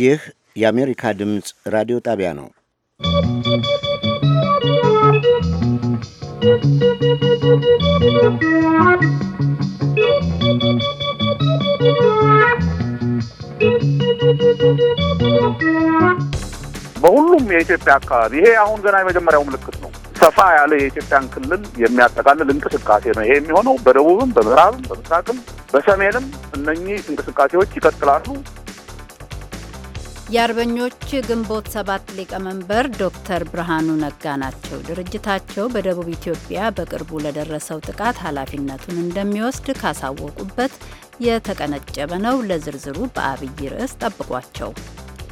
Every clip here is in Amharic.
ይህ የአሜሪካ ድምፅ ራዲዮ ጣቢያ ነው። በሁሉም የኢትዮጵያ አካባቢ ይሄ አሁን ገና የመጀመሪያው ምልክት ሰፋ ያለ የኢትዮጵያን ክልል የሚያጠቃልል እንቅስቃሴ ነው። ይሄ የሚሆነው በደቡብም፣ በምዕራብም፣ በምስራቅም፣ በሰሜንም እነኚህ እንቅስቃሴዎች ይቀጥላሉ። የአርበኞች ግንቦት ሰባት ሊቀመንበር ዶክተር ብርሃኑ ነጋ ናቸው። ድርጅታቸው በደቡብ ኢትዮጵያ በቅርቡ ለደረሰው ጥቃት ኃላፊነቱን እንደሚወስድ ካሳወቁበት የተቀነጨበ ነው። ለዝርዝሩ በአብይ ርዕስ ጠብቋቸው።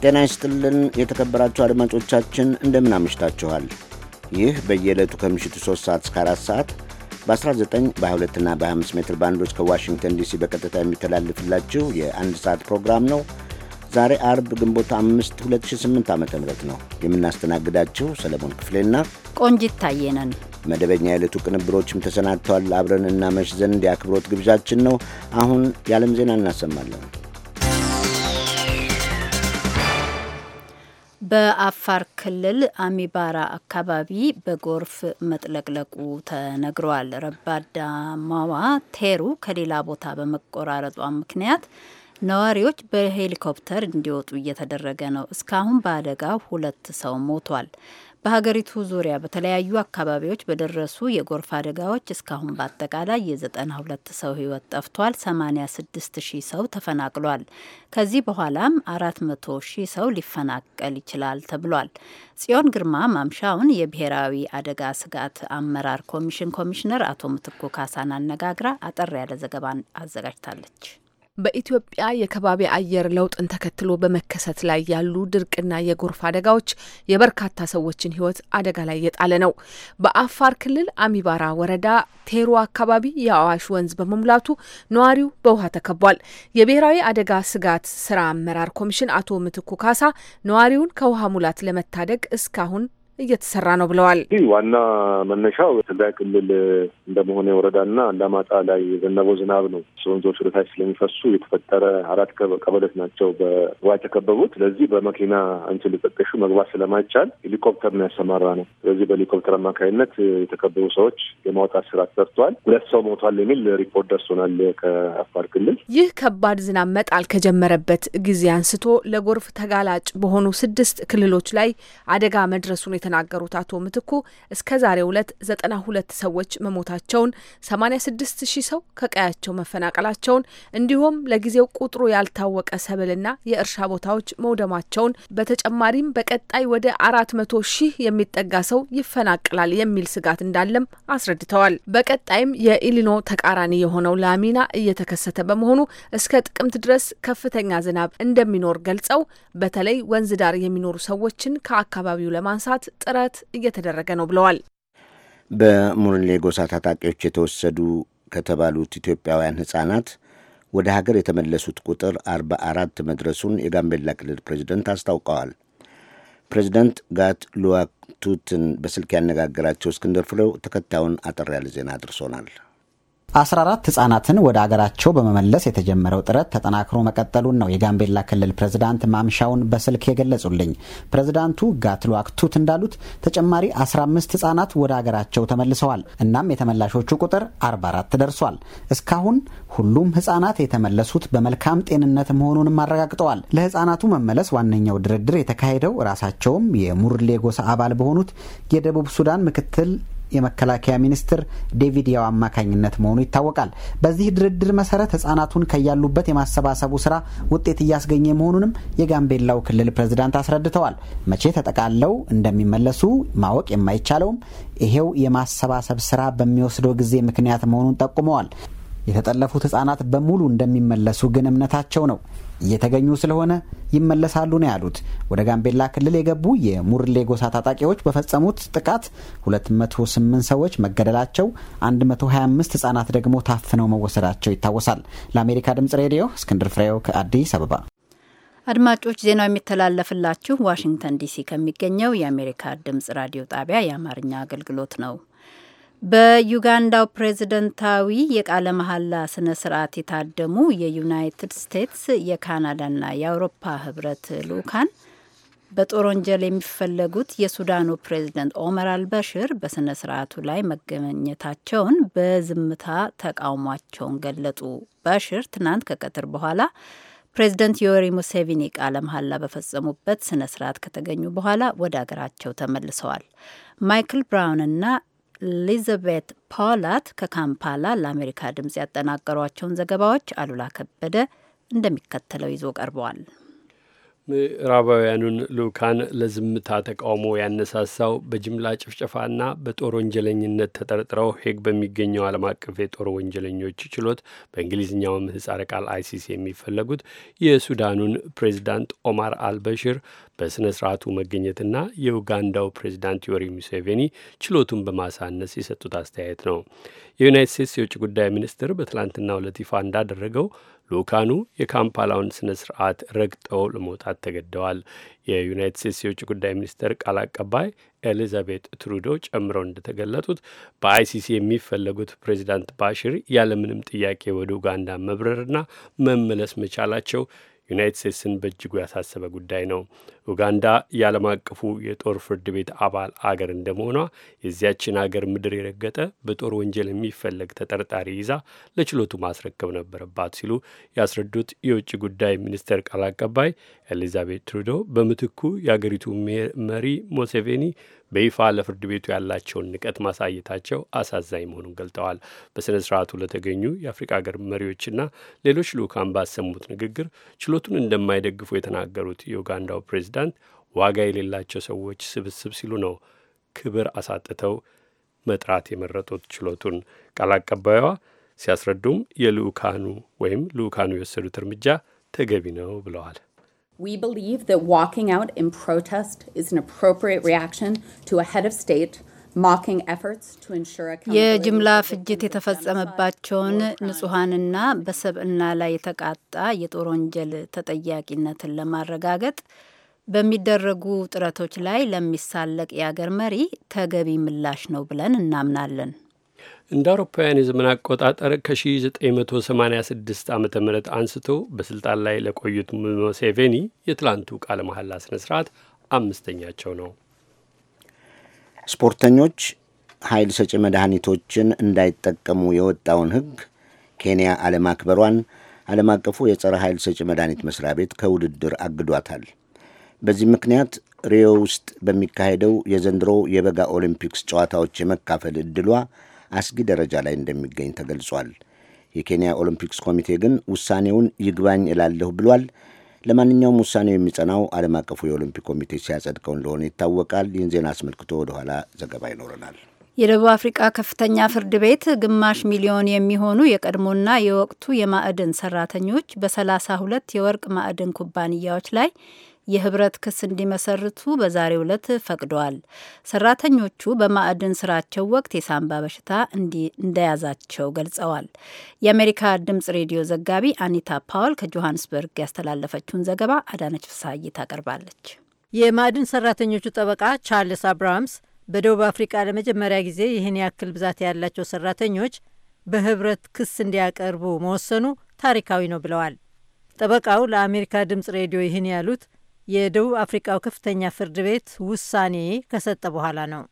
ጤና ይስጥልን የተከበራችሁ አድማጮቻችን እንደምን አምሽታችኋል? ይህ በየዕለቱ ከምሽቱ 3 ሰዓት እስከ 4 ሰዓት በ19 በ22 በ25 ሜትር ባንዶች ከዋሽንግተን ዲሲ በቀጥታ የሚተላለፍላችሁ የአንድ ሰዓት ፕሮግራም ነው። ዛሬ አርብ ግንቦት 5 2008 ዓ ም ነው የምናስተናግዳችሁ ሰለሞን ክፍሌና ቆንጂት ታየ መደበኛ የዕለቱ ቅንብሮችም ተሰናድተዋል። አብረን እናመሽ ዘንድ የአክብሮት ግብዣችን ነው። አሁን የዓለም ዜና እናሰማለን። በአፋር ክልል አሚባራ አካባቢ በጎርፍ መጥለቅለቁ ተነግሯል። ረባዳማዋ ቴሩ ከሌላ ቦታ በመቆራረጧ ምክንያት ነዋሪዎች በሄሊኮፕተር እንዲወጡ እየተደረገ ነው። እስካሁን በአደጋው ሁለት ሰው ሞቷል። በሀገሪቱ ዙሪያ በተለያዩ አካባቢዎች በደረሱ የጎርፍ አደጋዎች እስካሁን በአጠቃላይ የ92 ሰው ህይወት ጠፍቷል። 86 ሺህ ሰው ተፈናቅሏል። ከዚህ በኋላም መቶ ሺህ ሰው ሊፈናቀል ይችላል ተብሏል። ጽዮን ግርማ ማምሻውን የብሔራዊ አደጋ ስጋት አመራር ኮሚሽን ኮሚሽነር አቶ ምትኩ ካሳን አነጋግራ አጠር ያለ ዘገባን አዘጋጅታለች። በኢትዮጵያ የከባቢ አየር ለውጥን ተከትሎ በመከሰት ላይ ያሉ ድርቅና የጎርፍ አደጋዎች የበርካታ ሰዎችን ሕይወት አደጋ ላይ የጣለ ነው። በአፋር ክልል አሚባራ ወረዳ ቴሩ አካባቢ የአዋሽ ወንዝ በመሙላቱ ነዋሪው በውሃ ተከቧል። የብሔራዊ አደጋ ስጋት ስራ አመራር ኮሚሽን አቶ ምትኩ ካሳ ነዋሪውን ከውሃ ሙላት ለመታደግ እስካሁን እየተሰራ ነው ብለዋል። ዋና መነሻው ትግራይ ክልል እንደመሆነ የወረዳና አላማጣ ላይ የዘነበው ዝናብ ነው። ወንዞች ወደታች ስለሚፈሱ የተፈጠረ አራት ቀበሌዎች ናቸው በውሃ የተከበቡት። ስለዚህ በመኪና አንቺ ሊፈጠሹ መግባት ስለማይቻል ሄሊኮፕተር ነው ያሰማራ ነው። ስለዚህ በሄሊኮፕተር አማካኝነት የተከበቡ ሰዎች የማውጣት ስራ ተሰርቷል። ሁለት ሰው ሞቷል የሚል ሪፖርት ደርሶናል ከአፋር ክልል። ይህ ከባድ ዝናብ መጣል ከጀመረበት ጊዜ አንስቶ ለጎርፍ ተጋላጭ በሆኑ ስድስት ክልሎች ላይ አደጋ መድረሱን የተናገሩት አቶ ምትኩ እስከ ዛሬ ሁለት ዘጠና ሁለት ሰዎች መሞታቸውን ሰማኒያ ስድስት ሺህ ሰው ከቀያቸው መፈናቀላቸውን እንዲሁም ለጊዜው ቁጥሩ ያልታወቀ ሰብልና የእርሻ ቦታዎች መውደማቸውን በተጨማሪም በቀጣይ ወደ አራት መቶ ሺህ የሚጠጋ ሰው ይፈናቅላል የሚል ስጋት እንዳለም አስረድተዋል። በቀጣይም የኢሊኖ ተቃራኒ የሆነው ላሚና እየተከሰተ በመሆኑ እስከ ጥቅምት ድረስ ከፍተኛ ዝናብ እንደሚኖር ገልጸው በተለይ ወንዝ ዳር የሚኖሩ ሰዎችን ከአካባቢው ለማንሳት ጥረት እየተደረገ ነው ብለዋል። በሙርሌ ጎሳ ታጣቂዎች የተወሰዱ ከተባሉት ኢትዮጵያውያን ሕፃናት ወደ ሀገር የተመለሱት ቁጥር 44 መድረሱን የጋምቤላ ክልል ፕሬዚደንት አስታውቀዋል። ፕሬዚደንት ጋት ሉዋክቱትን በስልክ ያነጋገራቸው እስክንድር ፍሬው ተከታዩን አጠር ያለ ዜና አድርሶናል። 14 ህጻናትን ወደ አገራቸው በመመለስ የተጀመረው ጥረት ተጠናክሮ መቀጠሉን ነው የጋምቤላ ክልል ፕሬዝዳንት ማምሻውን በስልክ የገለጹልኝ። ፕሬዝዳንቱ ጋትሎ አክቱት እንዳሉት ተጨማሪ 15 ህጻናት ወደ አገራቸው ተመልሰዋል። እናም የተመላሾቹ ቁጥር 44 ደርሷል። እስካሁን ሁሉም ህጻናት የተመለሱት በመልካም ጤንነት መሆኑንም አረጋግጠዋል። ለህጻናቱ መመለስ ዋነኛው ድርድር የተካሄደው ራሳቸውም የሙርሌ ጎሳ አባል በሆኑት የደቡብ ሱዳን ምክትል የመከላከያ ሚኒስትር ዴቪድ ያው አማካኝነት መሆኑ ይታወቃል። በዚህ ድርድር መሰረት ህጻናቱን ከያሉበት የማሰባሰቡ ስራ ውጤት እያስገኘ መሆኑንም የጋምቤላው ክልል ፕሬዝዳንት አስረድተዋል። መቼ ተጠቃለው እንደሚመለሱ ማወቅ የማይቻለውም ይሄው የማሰባሰብ ስራ በሚወስደው ጊዜ ምክንያት መሆኑን ጠቁመዋል። የተጠለፉት ህጻናት በሙሉ እንደሚመለሱ ግን እምነታቸው ነው። እየተገኙ ስለሆነ ይመለሳሉ ነው ያሉት። ወደ ጋምቤላ ክልል የገቡ የሙርሌ ጎሳ ታጣቂዎች በፈጸሙት ጥቃት 208 ሰዎች መገደላቸው፣ 125 ህጻናት ደግሞ ታፍነው መወሰዳቸው ይታወሳል። ለአሜሪካ ድምጽ ሬዲዮ እስክንድር ፍሬው ከአዲስ አበባ። አድማጮች ዜናው የሚተላለፍላችሁ ዋሽንግተን ዲሲ ከሚገኘው የአሜሪካ ድምጽ ራዲዮ ጣቢያ የአማርኛ አገልግሎት ነው። በዩጋንዳው ፕሬዝደንታዊ የቃለ መሐላ ስነ ስርዓት የታደሙ የዩናይትድ ስቴትስ የካናዳና የአውሮፓ ህብረት ልኡካን በጦር ወንጀል የሚፈለጉት የሱዳኑ ፕሬዝደንት ኦመር አልበሽር በስነ ስርዓቱ ላይ መገኘታቸውን በዝምታ ተቃውሟቸውን ገለጡ። በሽር ትናንት ከቀትር በኋላ ፕሬዝደንት ዮሪ ሙሴቪኒ ቃለ መሐላ በፈጸሙበት ስነ ስርዓት ከተገኙ በኋላ ወደ አገራቸው ተመልሰዋል። ማይክል ብራውንና ሊዘቤት ፓውላት ከካምፓላ ለአሜሪካ ድምፅ ያጠናቀሯቸውን ዘገባዎች አሉላ ከበደ እንደሚከተለው ይዞ ቀርበዋል። ምዕራባውያኑን ልዑካን ለዝምታ ተቃውሞ ያነሳሳው በጅምላ ጭፍጨፋና በጦር ወንጀለኝነት ተጠርጥረው ሄግ በሚገኘው ዓለም አቀፍ የጦር ወንጀለኞች ችሎት በእንግሊዝኛው ምህጻረ ቃል አይሲሲ የሚፈለጉት የሱዳኑን ፕሬዚዳንት ኦማር አልበሽር በሥነ ስርዓቱ መገኘትና የኡጋንዳው ፕሬዚዳንት ዮሪ ሙሴቬኒ ችሎቱን በማሳነስ የሰጡት አስተያየት ነው። የዩናይት ስቴትስ የውጭ ጉዳይ ሚኒስትር በትላንትና ዕለት ይፋ እንዳደረገው ልኡካኑ የካምፓላውን ስነ ስርዓት ረግጠው ለመውጣት ተገደዋል። የዩናይትድ ስቴትስ የውጭ ጉዳይ ሚኒስቴር ቃል አቀባይ ኤሊዛቤት ትሩዶ ጨምረው እንደተገለጡት በአይሲሲ የሚፈለጉት ፕሬዚዳንት ባሽር ያለምንም ጥያቄ ወደ ኡጋንዳ መብረርና መመለስ መቻላቸው ዩናይት ስቴትስን በእጅጉ ያሳሰበ ጉዳይ ነው። ኡጋንዳ የዓለም አቀፉ የጦር ፍርድ ቤት አባል አገር እንደመሆኗ የዚያችን አገር ምድር የረገጠ በጦር ወንጀል የሚፈለግ ተጠርጣሪ ይዛ ለችሎቱ ማስረከብ ነበረባት ሲሉ ያስረዱት የውጭ ጉዳይ ሚኒስቴር ቃል አቀባይ ኤሊዛቤት ትሩዶ በምትኩ የአገሪቱ መሪ ሙሴቬኒ በይፋ ለፍርድ ቤቱ ያላቸውን ንቀት ማሳየታቸው አሳዛኝ መሆኑን ገልጠዋል። በሥነ ሥርዓቱ ለተገኙ የአፍሪቃ ሀገር መሪዎችና ሌሎች ልዑካን ባሰሙት ንግግር ችሎቱን እንደማይደግፉ የተናገሩት የኡጋንዳው ፕሬዚዳንት ዋጋ የሌላቸው ሰዎች ስብስብ ሲሉ ነው ክብር አሳጥተው መጥራት የመረጡት ችሎቱን። ቃል አቀባዩዋ ሲያስረዱም የልኡካኑ ወይም ልኡካኑ የወሰዱት እርምጃ ተገቢ ነው ብለዋል። We believe that walking out in protest is an appropriate reaction to a head of state የጅምላ ፍጅት የተፈጸመባቸውን ንጹሐንና በሰብዕና ላይ የተቃጣ የጦር ወንጀል ተጠያቂነትን ለማረጋገጥ በሚደረጉ ጥረቶች ላይ ለሚሳለቅ የአገር መሪ ተገቢ ምላሽ ነው ብለን እናምናለን። እንደ አውሮፓውያን የዘመን አቆጣጠር ከ1986 ዓ ም አንስቶ በስልጣን ላይ ለቆዩት ሙሴቬኒ የትላንቱ ቃለ መሐላ ስነ ስርዓት አምስተኛቸው ነው። ስፖርተኞች ኃይል ሰጪ መድኃኒቶችን እንዳይጠቀሙ የወጣውን ሕግ ኬንያ አለማክበሯን ዓለም አቀፉ የጸረ ኃይል ሰጪ መድኃኒት መስሪያ ቤት ከውድድር አግዷታል። በዚህ ምክንያት ሪዮ ውስጥ በሚካሄደው የዘንድሮ የበጋ ኦሊምፒክስ ጨዋታዎች የመካፈል ዕድሏ አስጊ ደረጃ ላይ እንደሚገኝ ተገልጿል። የኬንያ ኦሎምፒክስ ኮሚቴ ግን ውሳኔውን ይግባኝ እላለሁ ብሏል። ለማንኛውም ውሳኔው የሚጸናው ዓለም አቀፉ የኦሎምፒክ ኮሚቴ ሲያጸድቀው እንደሆነ ይታወቃል። ይህን ዜና አስመልክቶ ወደኋላ ዘገባ ይኖረናል። የደቡብ አፍሪቃ ከፍተኛ ፍርድ ቤት ግማሽ ሚሊዮን የሚሆኑ የቀድሞና የወቅቱ የማዕድን ሰራተኞች በሰላሳ ሁለት የወርቅ ማዕድን ኩባንያዎች ላይ የህብረት ክስ እንዲመሰርቱ በዛሬው ዕለት ፈቅደዋል። ሰራተኞቹ በማዕድን ስራቸው ወቅት የሳምባ በሽታ እንደያዛቸው ገልጸዋል። የአሜሪካ ድምጽ ሬዲዮ ዘጋቢ አኒታ ፓውል ከጆሃንስበርግ ያስተላለፈችውን ዘገባ አዳነች ፍሳይ ታቀርባለች። የማዕድን ሰራተኞቹ ጠበቃ ቻርልስ አብርሃምስ በደቡብ አፍሪቃ ለመጀመሪያ ጊዜ ይህን ያክል ብዛት ያላቸው ሰራተኞች በህብረት ክስ እንዲያቀርቡ መወሰኑ ታሪካዊ ነው ብለዋል። ጠበቃው ለአሜሪካ ድምፅ ሬዲዮ ይህን ያሉት የደቡብ አፍሪቃው ከፍተኛ ፍርድ ቤት ውሳኔ ከሰጠ በኋላ ነው።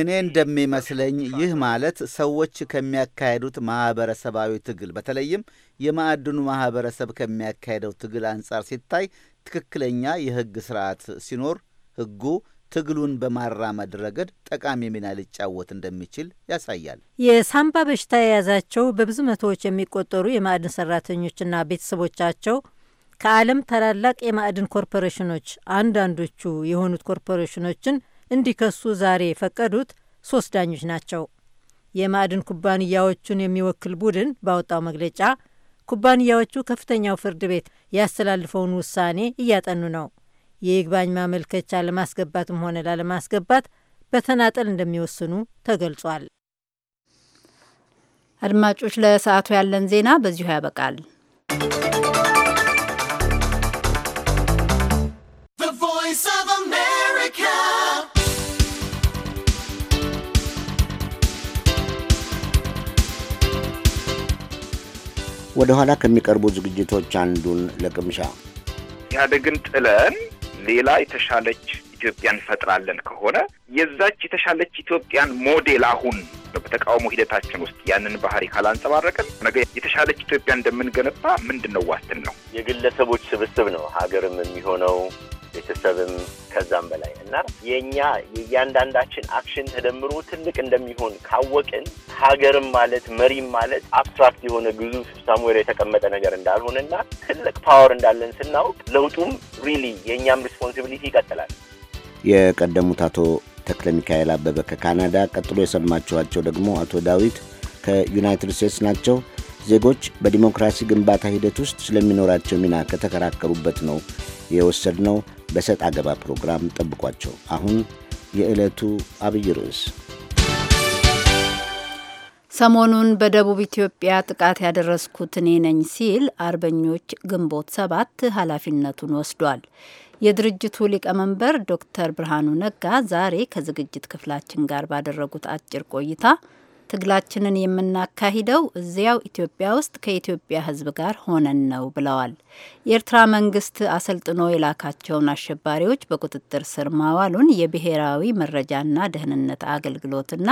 እኔ እንደሚመስለኝ ይህ ማለት ሰዎች ከሚያካሄዱት ማህበረሰባዊ ትግል በተለይም የማዕድኑ ማህበረሰብ ከሚያካሄደው ትግል አንጻር ሲታይ ትክክለኛ የህግ ስርዓት ሲኖር ህጉ ትግሉን በማራመድ ረገድ ጠቃሚ ሚና ሊጫወት እንደሚችል ያሳያል። የሳምባ በሽታ የያዛቸው በብዙ መቶዎች የሚቆጠሩ የማዕድን ሰራተኞችና ቤተሰቦቻቸው ከዓለም ታላላቅ የማዕድን ኮርፖሬሽኖች አንዳንዶቹ የሆኑት ኮርፖሬሽኖችን እንዲከሱ ዛሬ የፈቀዱት ሶስት ዳኞች ናቸው። የማዕድን ኩባንያዎቹን የሚወክል ቡድን ባወጣው መግለጫ ኩባንያዎቹ ከፍተኛው ፍርድ ቤት ያስተላልፈውን ውሳኔ እያጠኑ ነው። የይግባኝ ማመልከቻ ለማስገባትም ሆነ ላለማስገባት በተናጠል እንደሚወስኑ ተገልጿል። አድማጮች፣ ለሰዓቱ ያለን ዜና በዚሁ ያበቃል። ወደ ኋላ ከሚቀርቡ ዝግጅቶች አንዱን ለቅምሻ ኢህአዴግን ጥለን ሌላ የተሻለች ኢትዮጵያ እንፈጥራለን ከሆነ የዛች የተሻለች ኢትዮጵያን ሞዴል አሁን በተቃውሞ ሂደታችን ውስጥ ያንን ባህሪ ካላንጸባረቅን ነገ የተሻለች ኢትዮጵያ እንደምንገነባ ምንድን ነው ዋስትን ነው? የግለሰቦች ስብስብ ነው ሀገርም የሚሆነው ቤተሰብም ከዛም በላይ እና የእኛ የእያንዳንዳችን አክሽን ተደምሮ ትልቅ እንደሚሆን ካወቅን ሀገርም ማለት መሪም ማለት አብስትራክት የሆነ ግዙፍ ሳሙዌር የተቀመጠ ነገር እንዳልሆነና ትልቅ ፓወር እንዳለን ስናውቅ ለውጡም ሪሊ የእኛም ሪስፖንሲቢሊቲ ይቀጥላል። የቀደሙት አቶ ተክለ ሚካኤል አበበ ከካናዳ፣ ቀጥሎ የሰማችኋቸው ደግሞ አቶ ዳዊት ከዩናይትድ ስቴትስ ናቸው። ዜጎች በዲሞክራሲ ግንባታ ሂደት ውስጥ ስለሚኖራቸው ሚና ከተከራከሩበት ነው የወሰድነው። በሰጥ አገባ ፕሮግራም ጠብቋቸው። አሁን የዕለቱ አብይ ርዕስ ሰሞኑን በደቡብ ኢትዮጵያ ጥቃት ያደረስኩት እኔ ነኝ ሲል አርበኞች ግንቦት ሰባት ኃላፊነቱን ወስዷል። የድርጅቱ ሊቀመንበር ዶክተር ብርሃኑ ነጋ ዛሬ ከዝግጅት ክፍላችን ጋር ባደረጉት አጭር ቆይታ ትግላችንን የምናካሂደው እዚያው ኢትዮጵያ ውስጥ ከኢትዮጵያ ሕዝብ ጋር ሆነን ነው ብለዋል። የኤርትራ መንግስት አሰልጥኖ የላካቸውን አሸባሪዎች በቁጥጥር ስር ማዋሉን የብሔራዊ መረጃና ደህንነት አገልግሎትና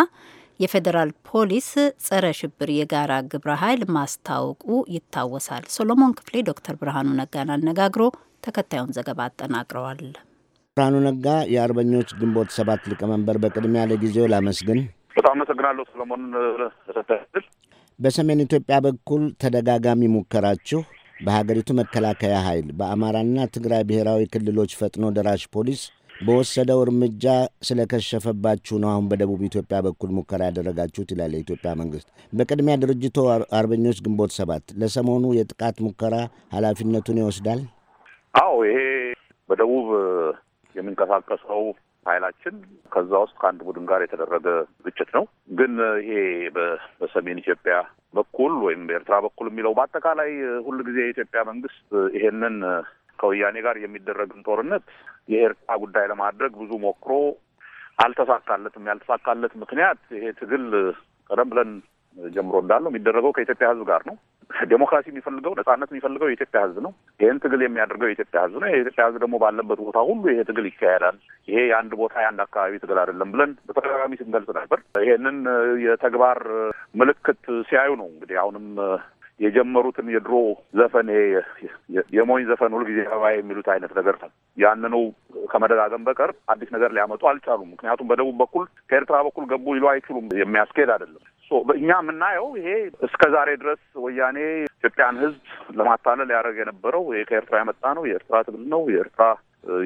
የፌዴራል ፖሊስ ጸረ ሽብር የጋራ ግብረ ኃይል ማስታወቁ ይታወሳል። ሶሎሞን ክፍሌ ዶክተር ብርሃኑ ነጋን አነጋግሮ ተከታዩን ዘገባ አጠናቅረዋል። ብርሃኑ ነጋ የአርበኞች ግንቦት ሰባት ሊቀመንበር፣ በቅድሚያ ለጊዜው ላመስግን። በጣም አመሰግናለሁ ሰለሞን በሰሜን ኢትዮጵያ በኩል ተደጋጋሚ ሙከራችሁ በሀገሪቱ መከላከያ ኃይል በአማራና ትግራይ ብሔራዊ ክልሎች ፈጥኖ ደራሽ ፖሊስ በወሰደው እርምጃ ስለከሸፈባችሁ ነው አሁን በደቡብ ኢትዮጵያ በኩል ሙከራ ያደረጋችሁት ይላል የኢትዮጵያ መንግስት። በቅድሚያ ድርጅቱ አርበኞች ግንቦት ሰባት ለሰሞኑ የጥቃት ሙከራ ኃላፊነቱን ይወስዳል? አዎ ይሄ በደቡብ የሚንቀሳቀሰው ኃይላችን ከዛ ውስጥ ከአንድ ቡድን ጋር የተደረገ ግጭት ነው። ግን ይሄ በሰሜን ኢትዮጵያ በኩል ወይም በኤርትራ በኩል የሚለው በአጠቃላይ ሁል ጊዜ የኢትዮጵያ መንግስት ይሄንን ከወያኔ ጋር የሚደረግን ጦርነት የኤርትራ ጉዳይ ለማድረግ ብዙ ሞክሮ አልተሳካለትም። ያልተሳካለት ምክንያት ይሄ ትግል ቀደም ብለን ጀምሮ እንዳለው የሚደረገው ከኢትዮጵያ ሕዝብ ጋር ነው። ዴሞክራሲ የሚፈልገው ነጻነት የሚፈልገው የኢትዮጵያ ሕዝብ ነው። ይህን ትግል የሚያደርገው የኢትዮጵያ ሕዝብ ነው። የኢትዮጵያ ሕዝብ ደግሞ ባለበት ቦታ ሁሉ ይሄ ትግል ይካሄዳል። ይሄ የአንድ ቦታ የአንድ አካባቢ ትግል አይደለም ብለን በተደጋጋሚ ስንገልጽ ነበር። ይሄንን የተግባር ምልክት ሲያዩ ነው እንግዲህ አሁንም የጀመሩትን የድሮ ዘፈን የሞኝ ዘፈን ሁልጊዜ አበባ የሚሉት አይነት ነገር ነው። ያንኑ ከመደጋገም በቀር አዲስ ነገር ሊያመጡ አልቻሉም። ምክንያቱም በደቡብ በኩል ከኤርትራ በኩል ገቡ ይሉ አይችሉም። የሚያስኬድ አይደለም። እኛ የምናየው ይሄ እስከ ዛሬ ድረስ ወያኔ ኢትዮጵያን ህዝብ ለማታለል ያደረግ የነበረው ይሄ ከኤርትራ የመጣ ነው፣ የኤርትራ ትግል ነው፣ የኤርትራ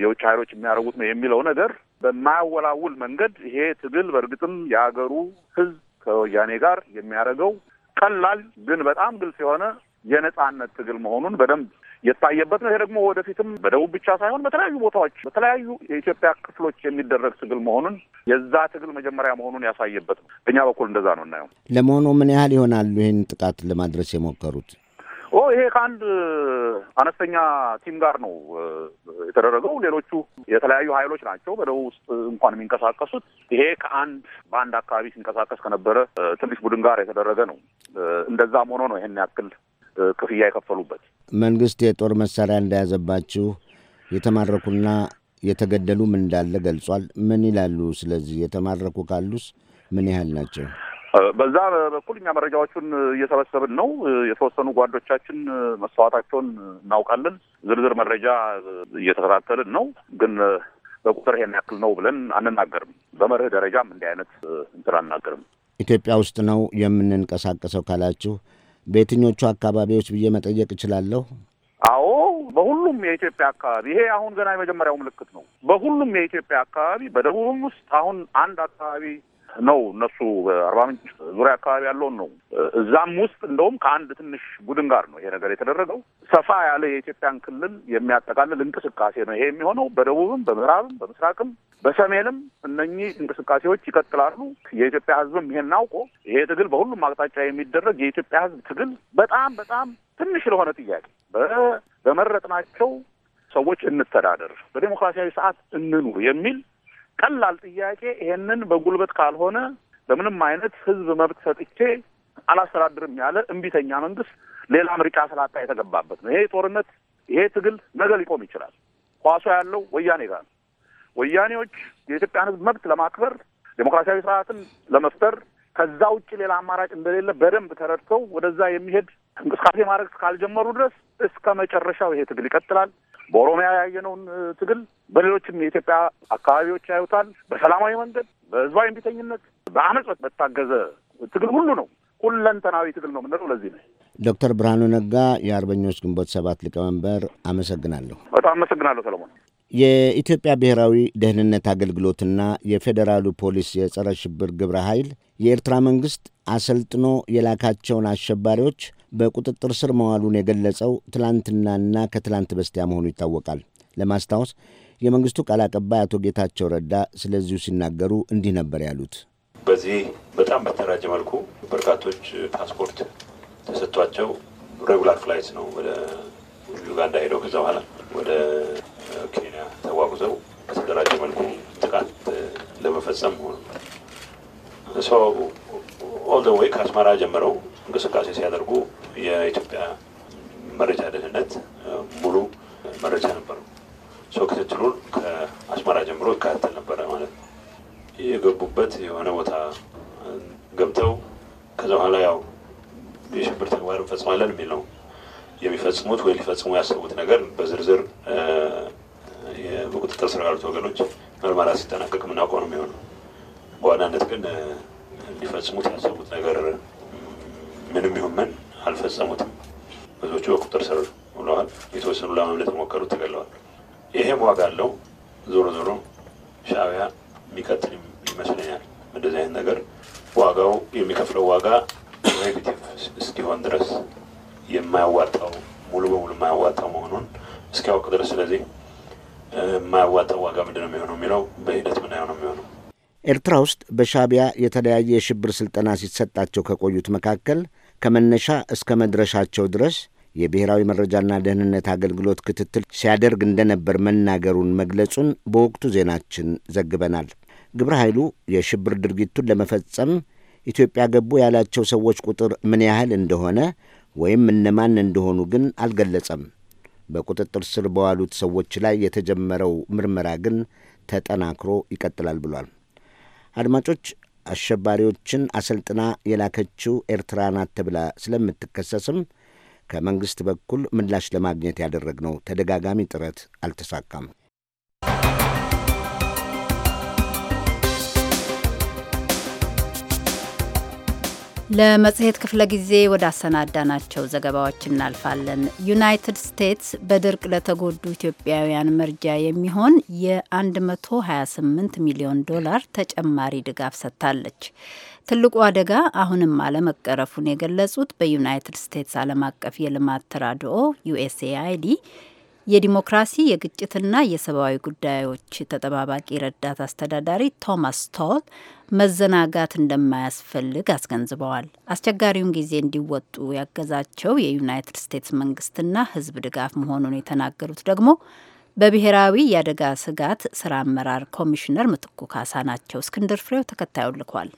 የውጭ ኃይሎች የሚያደርጉት ነው የሚለው ነገር በማያወላውል መንገድ ይሄ ትግል በእርግጥም የሀገሩ ህዝብ ከወያኔ ጋር የሚያደርገው ቀላል ግን በጣም ግልጽ የሆነ የነጻነት ትግል መሆኑን በደንብ የታየበት ነው። ይሄ ደግሞ ወደፊትም በደቡብ ብቻ ሳይሆን በተለያዩ ቦታዎች በተለያዩ የኢትዮጵያ ክፍሎች የሚደረግ ትግል መሆኑን የዛ ትግል መጀመሪያ መሆኑን ያሳየበት ነው። በእኛ በኩል እንደዛ ነው እናየው። ለመሆኑ ምን ያህል ይሆናሉ ይህን ጥቃት ለማድረስ የሞከሩት? ኦ ይሄ ከአንድ አነስተኛ ቲም ጋር ነው የተደረገው። ሌሎቹ የተለያዩ ኃይሎች ናቸው በደቡብ ውስጥ እንኳን የሚንቀሳቀሱት። ይሄ ከአንድ በአንድ አካባቢ ሲንቀሳቀስ ከነበረ ትንሽ ቡድን ጋር የተደረገ ነው። እንደዛም ሆኖ ነው ይሄን ያክል ክፍያ የከፈሉበት። መንግስት የጦር መሳሪያ እንደያዘባችሁ የተማረኩና የተገደሉም እንዳለ ገልጿል። ምን ይላሉ? ስለዚህ የተማረኩ ካሉስ ምን ያህል ናቸው? በዛ በኩል እኛ መረጃዎቹን እየሰበሰብን ነው። የተወሰኑ ጓዶቻችን መስዋዕታቸውን እናውቃለን። ዝርዝር መረጃ እየተከታተልን ነው ግን በቁጥር ይሄን ያክል ነው ብለን አንናገርም። በመርህ ደረጃም እንዲህ አይነት እንትን አናገርም። ኢትዮጵያ ውስጥ ነው የምንንቀሳቀሰው ካላችሁ በየትኞቹ አካባቢዎች ብዬ መጠየቅ እችላለሁ? አዎ በሁሉም የኢትዮጵያ አካባቢ ይሄ አሁን ገና የመጀመሪያው ምልክት ነው። በሁሉም የኢትዮጵያ አካባቢ በደቡብም ውስጥ አሁን አንድ አካባቢ ነው እነሱ አርባ ምንጭ ዙሪያ አካባቢ ያለውን ነው። እዛም ውስጥ እንደውም ከአንድ ትንሽ ቡድን ጋር ነው ይሄ ነገር የተደረገው። ሰፋ ያለ የኢትዮጵያን ክልል የሚያጠቃልል እንቅስቃሴ ነው ይሄ የሚሆነው። በደቡብም፣ በምዕራብም፣ በምስራቅም፣ በሰሜንም እነኚህ እንቅስቃሴዎች ይቀጥላሉ። የኢትዮጵያ ሕዝብም ይሄን አውቆ ይሄ ትግል በሁሉም አቅጣጫ የሚደረግ የኢትዮጵያ ሕዝብ ትግል በጣም በጣም ትንሽ ለሆነ ጥያቄ በመረጥናቸው ሰዎች እንተዳደር፣ በዴሞክራሲያዊ ስርዓት እንኑር የሚል ቀላል ጥያቄ ይሄንን በጉልበት ካልሆነ በምንም አይነት ህዝብ መብት ሰጥቼ አላስተዳድርም ያለ እምቢተኛ መንግስት ሌላ ምርጫ ስላጣ የተገባበት ነው። ይሄ ጦርነት፣ ይሄ ትግል ነገ ሊቆም ይችላል። ኳሷ ያለው ወያኔ ጋር ነው። ወያኔዎች የኢትዮጵያን ህዝብ መብት ለማክበር ዴሞክራሲያዊ ስርዓትን ለመፍጠር ከዛ ውጭ ሌላ አማራጭ እንደሌለ በደንብ ተረድተው ወደዛ የሚሄድ እንቅስቃሴ ማድረግ እስካልጀመሩ ድረስ እስከ መጨረሻው ይሄ ትግል ይቀጥላል። በኦሮሚያ ያየነውን ትግል በሌሎችም የኢትዮጵያ አካባቢዎች ያዩታል። በሰላማዊ መንገድ፣ በህዝባዊ እምቢተኝነት፣ በአመፅ በታገዘ ትግል ሁሉ ነው። ሁለንተናዊ ትግል ነው የምንለው ለዚህ ነው። ዶክተር ብርሃኑ ነጋ የአርበኞች ግንቦት ሰባት ሊቀመንበር፣ አመሰግናለሁ። በጣም አመሰግናለሁ ሰለሞን። የኢትዮጵያ ብሔራዊ ደህንነት አገልግሎትና የፌዴራሉ ፖሊስ የጸረ ሽብር ግብረ ኃይል የኤርትራ መንግሥት አሰልጥኖ የላካቸውን አሸባሪዎች በቁጥጥር ስር መዋሉን የገለጸው ትላንትናና ከትላንት በስቲያ መሆኑ ይታወቃል። ለማስታወስ የመንግስቱ ቃል አቀባይ አቶ ጌታቸው ረዳ ስለዚሁ ሲናገሩ እንዲህ ነበር ያሉት። በዚህ በጣም በተደራጀ መልኩ በርካቶች ፓስፖርት ተሰጥቷቸው ሬጉላር ፍላይት ነው ወደ ዩጋንዳ ሄደው ከዛ በኋላ ወደ ኬንያ ተጓጉዘው በተደራጀ መልኩ ጥቃት ለመፈጸም ሆኑ ሰው ኦልደ ወይ ከአስመራ ጀምረው እንቅስቃሴ ሲያደርጉ የኢትዮጵያ መረጃ ደህንነት ሙሉ መረጃ ነበር። ሰው ክትትሉን ከአስመራ ጀምሮ ይከታተል ነበረ ማለት ነው። የገቡበት የሆነ ቦታ ገብተው ከዛ በኋላ ያው የሽብር ተግባር እንፈጽማለን የሚል ነው የሚፈጽሙት ወይ ሊፈጽሙ ያሰቡት ነገር በዝርዝር በቁጥጥር ስር ያሉት ወገኖች ምርመራ ሲጠናቀቅ ምናውቀው ነው የሚሆነው። በዋናነት ግን ሊፈጽሙት ያሰቡት ነገር ምንም ይሁን ምን አልፈጸሙትም። ብዙዎቹ በቁጥር ስር ውለዋል። የተወሰኑ ለማምለጥ የሞከሩ ተገለዋል። ይሄም ዋጋ አለው። ዞሮ ዞሮ ሻዕቢያ የሚቀጥል ይመስለኛል። እንደዚህ አይነት ነገር ዋጋው የሚከፍለው ዋጋ ኔጌቲቭ እስኪሆን ድረስ የማያዋጣው ሙሉ በሙሉ የማያዋጣው መሆኑን እስኪያውቅ ድረስ ስለዚህ የማያዋጣው ዋጋ ምንድን ነው የሚሆነው የሚለው በሂደት ምን ነው የሚሆነው። ኤርትራ ውስጥ በሻዕቢያ የተለያየ የሽብር ስልጠና ሲሰጣቸው ከቆዩት መካከል ከመነሻ እስከ መድረሻቸው ድረስ የብሔራዊ መረጃና ደህንነት አገልግሎት ክትትል ሲያደርግ እንደነበር መናገሩን መግለጹን በወቅቱ ዜናችን ዘግበናል። ግብረ ኃይሉ የሽብር ድርጊቱን ለመፈጸም ኢትዮጵያ ገቡ ያላቸው ሰዎች ቁጥር ምን ያህል እንደሆነ ወይም እነማን እንደሆኑ ግን አልገለጸም። በቁጥጥር ስር በዋሉት ሰዎች ላይ የተጀመረው ምርመራ ግን ተጠናክሮ ይቀጥላል ብሏል። አድማጮች አሸባሪዎችን አሰልጥና የላከችው ኤርትራ ናት ተብላ ስለምትከሰስም ከመንግሥት በኩል ምላሽ ለማግኘት ያደረግነው ተደጋጋሚ ጥረት አልተሳካም። ለመጽሔት ክፍለ ጊዜ ወደ አሰናዳናቸው ዘገባዎች እናልፋለን። ዩናይትድ ስቴትስ በድርቅ ለተጎዱ ኢትዮጵያውያን መርጃ የሚሆን የ128 ሚሊዮን ዶላር ተጨማሪ ድጋፍ ሰጥታለች። ትልቁ አደጋ አሁንም አለመቀረፉን የገለጹት በዩናይትድ ስቴትስ ዓለም አቀፍ የልማት ተራድኦ ዩኤስኤአይዲ የዲሞክራሲ የግጭትና የሰብአዊ ጉዳዮች ተጠባባቂ ረዳት አስተዳዳሪ ቶማስ ቶል መዘናጋት እንደማያስፈልግ አስገንዝበዋል። አስቸጋሪውን ጊዜ እንዲወጡ ያገዛቸው የዩናይትድ ስቴትስ መንግስትና ሕዝብ ድጋፍ መሆኑን የተናገሩት ደግሞ በብሔራዊ የአደጋ ስጋት ስራ አመራር ኮሚሽነር ምትኩ ካሳ ናቸው። እስክንድር ፍሬው ተከታዩን ልኳል።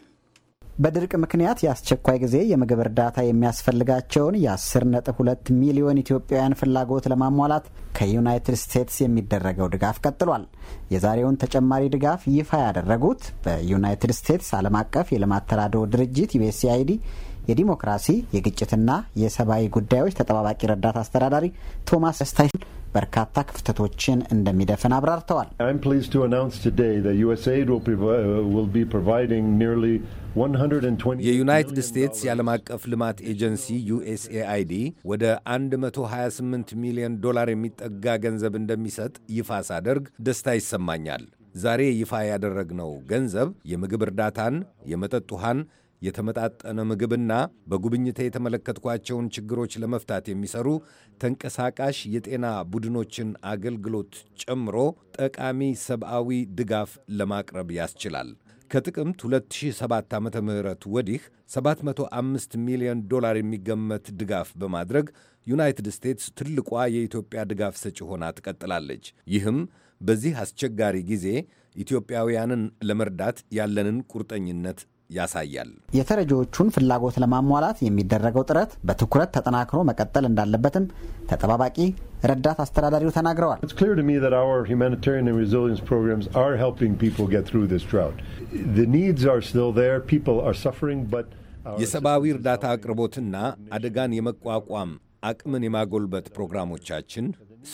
በድርቅ ምክንያት የአስቸኳይ ጊዜ የምግብ እርዳታ የሚያስፈልጋቸውን የ10.2 ሚሊዮን ኢትዮጵያውያን ፍላጎት ለማሟላት ከዩናይትድ ስቴትስ የሚደረገው ድጋፍ ቀጥሏል። የዛሬውን ተጨማሪ ድጋፍ ይፋ ያደረጉት በዩናይትድ ስቴትስ ዓለም አቀፍ የልማት ተራድኦ ድርጅት ዩኤስኤአይዲ የዲሞክራሲ የግጭትና የሰብአዊ ጉዳዮች ተጠባባቂ ረዳት አስተዳዳሪ ቶማስ ስታይ በርካታ ክፍተቶችን እንደሚደፍን አብራርተዋል። uh, የዩናይትድ ስቴትስ የዓለም አቀፍ ልማት ኤጀንሲ ዩኤስኤአይዲ ወደ 128 ሚሊዮን ዶላር የሚጠጋ ገንዘብ እንደሚሰጥ ይፋ ሳደርግ ደስታ ይሰማኛል። ዛሬ ይፋ ያደረግነው ገንዘብ የምግብ እርዳታን፣ የመጠጥ ውሃን የተመጣጠነ ምግብና በጉብኝቴ የተመለከትኳቸውን ችግሮች ለመፍታት የሚሰሩ ተንቀሳቃሽ የጤና ቡድኖችን አገልግሎት ጨምሮ ጠቃሚ ሰብአዊ ድጋፍ ለማቅረብ ያስችላል። ከጥቅምት 2007 ዓ ም ወዲህ 705 ሚሊዮን ዶላር የሚገመት ድጋፍ በማድረግ ዩናይትድ ስቴትስ ትልቋ የኢትዮጵያ ድጋፍ ሰጪ ሆና ትቀጥላለች። ይህም በዚህ አስቸጋሪ ጊዜ ኢትዮጵያውያንን ለመርዳት ያለንን ቁርጠኝነት ያሳያል። የተረጂዎቹን ፍላጎት ለማሟላት የሚደረገው ጥረት በትኩረት ተጠናክሮ መቀጠል እንዳለበትም ተጠባባቂ ረዳት አስተዳዳሪው ተናግረዋል። የሰብአዊ እርዳታ አቅርቦትና አደጋን የመቋቋም አቅምን የማጎልበት ፕሮግራሞቻችን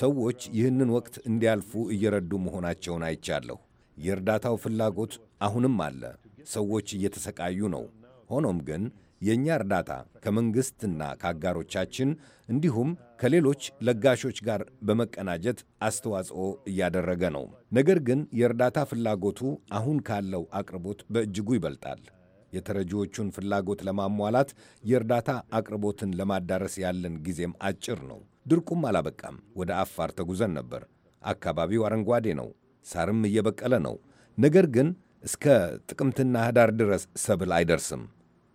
ሰዎች ይህንን ወቅት እንዲያልፉ እየረዱ መሆናቸውን አይቻለሁ። የእርዳታው ፍላጎት አሁንም አለ። ሰዎች እየተሰቃዩ ነው። ሆኖም ግን የእኛ እርዳታ ከመንግሥትና ከአጋሮቻችን እንዲሁም ከሌሎች ለጋሾች ጋር በመቀናጀት አስተዋጽኦ እያደረገ ነው። ነገር ግን የእርዳታ ፍላጎቱ አሁን ካለው አቅርቦት በእጅጉ ይበልጣል። የተረጂዎቹን ፍላጎት ለማሟላት የእርዳታ አቅርቦትን ለማዳረስ ያለን ጊዜም አጭር ነው። ድርቁም አላበቃም። ወደ አፋር ተጉዘን ነበር። አካባቢው አረንጓዴ ነው፣ ሳርም እየበቀለ ነው። ነገር ግን እስከ ጥቅምትና ህዳር ድረስ ሰብል አይደርስም።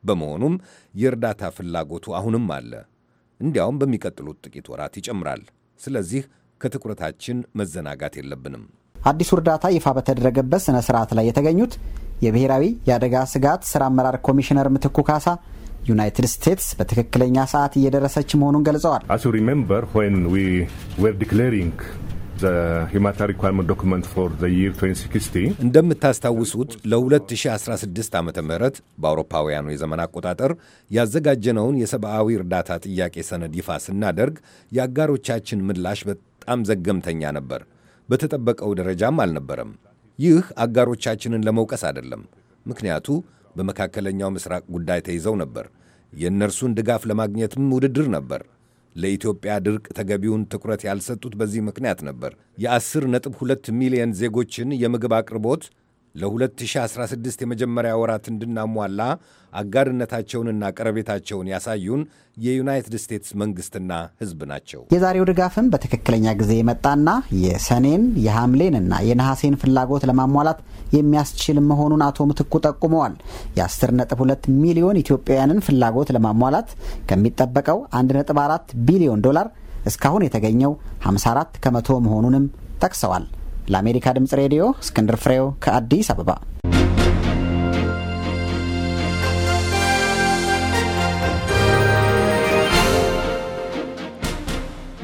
በመሆኑም የእርዳታ ፍላጎቱ አሁንም አለ። እንዲያውም በሚቀጥሉት ጥቂት ወራት ይጨምራል። ስለዚህ ከትኩረታችን መዘናጋት የለብንም። አዲሱ እርዳታ ይፋ በተደረገበት ስነ ስርዓት ላይ የተገኙት የብሔራዊ የአደጋ ስጋት ስራ አመራር ኮሚሽነር ምትኩ ካሳ ዩናይትድ ስቴትስ በትክክለኛ ሰዓት እየደረሰች መሆኑን ገልጸዋል። ዶክመንት ፎር ይር 2016 እንደምታስታውሱት ለ2016 ዓ ም በአውሮፓውያኑ የዘመን አቆጣጠር ያዘጋጀነውን የሰብአዊ እርዳታ ጥያቄ ሰነድ ይፋ ስናደርግ የአጋሮቻችን ምላሽ በጣም ዘገምተኛ ነበር። በተጠበቀው ደረጃም አልነበረም። ይህ አጋሮቻችንን ለመውቀስ አይደለም፣ ምክንያቱ በመካከለኛው ምስራቅ ጉዳይ ተይዘው ነበር። የእነርሱን ድጋፍ ለማግኘትም ውድድር ነበር። ለኢትዮጵያ ድርቅ ተገቢውን ትኩረት ያልሰጡት በዚህ ምክንያት ነበር። የ10 ነጥብ 2 ሚሊዮን ዜጎችን የምግብ አቅርቦት ለ2016 የመጀመሪያ ወራት እንድናሟላ አጋርነታቸውንና ቀረቤታቸውን ያሳዩን የዩናይትድ ስቴትስ መንግስትና ህዝብ ናቸው። የዛሬው ድጋፍም በትክክለኛ ጊዜ የመጣና የሰኔን የሐምሌንና የነሐሴን ፍላጎት ለማሟላት የሚያስችል መሆኑን አቶ ምትኩ ጠቁመዋል። የ10.2 ሚሊዮን ኢትዮጵያውያንን ፍላጎት ለማሟላት ከሚጠበቀው 1.4 ቢሊዮን ዶላር እስካሁን የተገኘው 54 ከመቶ መሆኑንም ጠቅሰዋል። ለአሜሪካ ድምፅ ሬዲዮ እስክንድር ፍሬው ከአዲስ አበባ።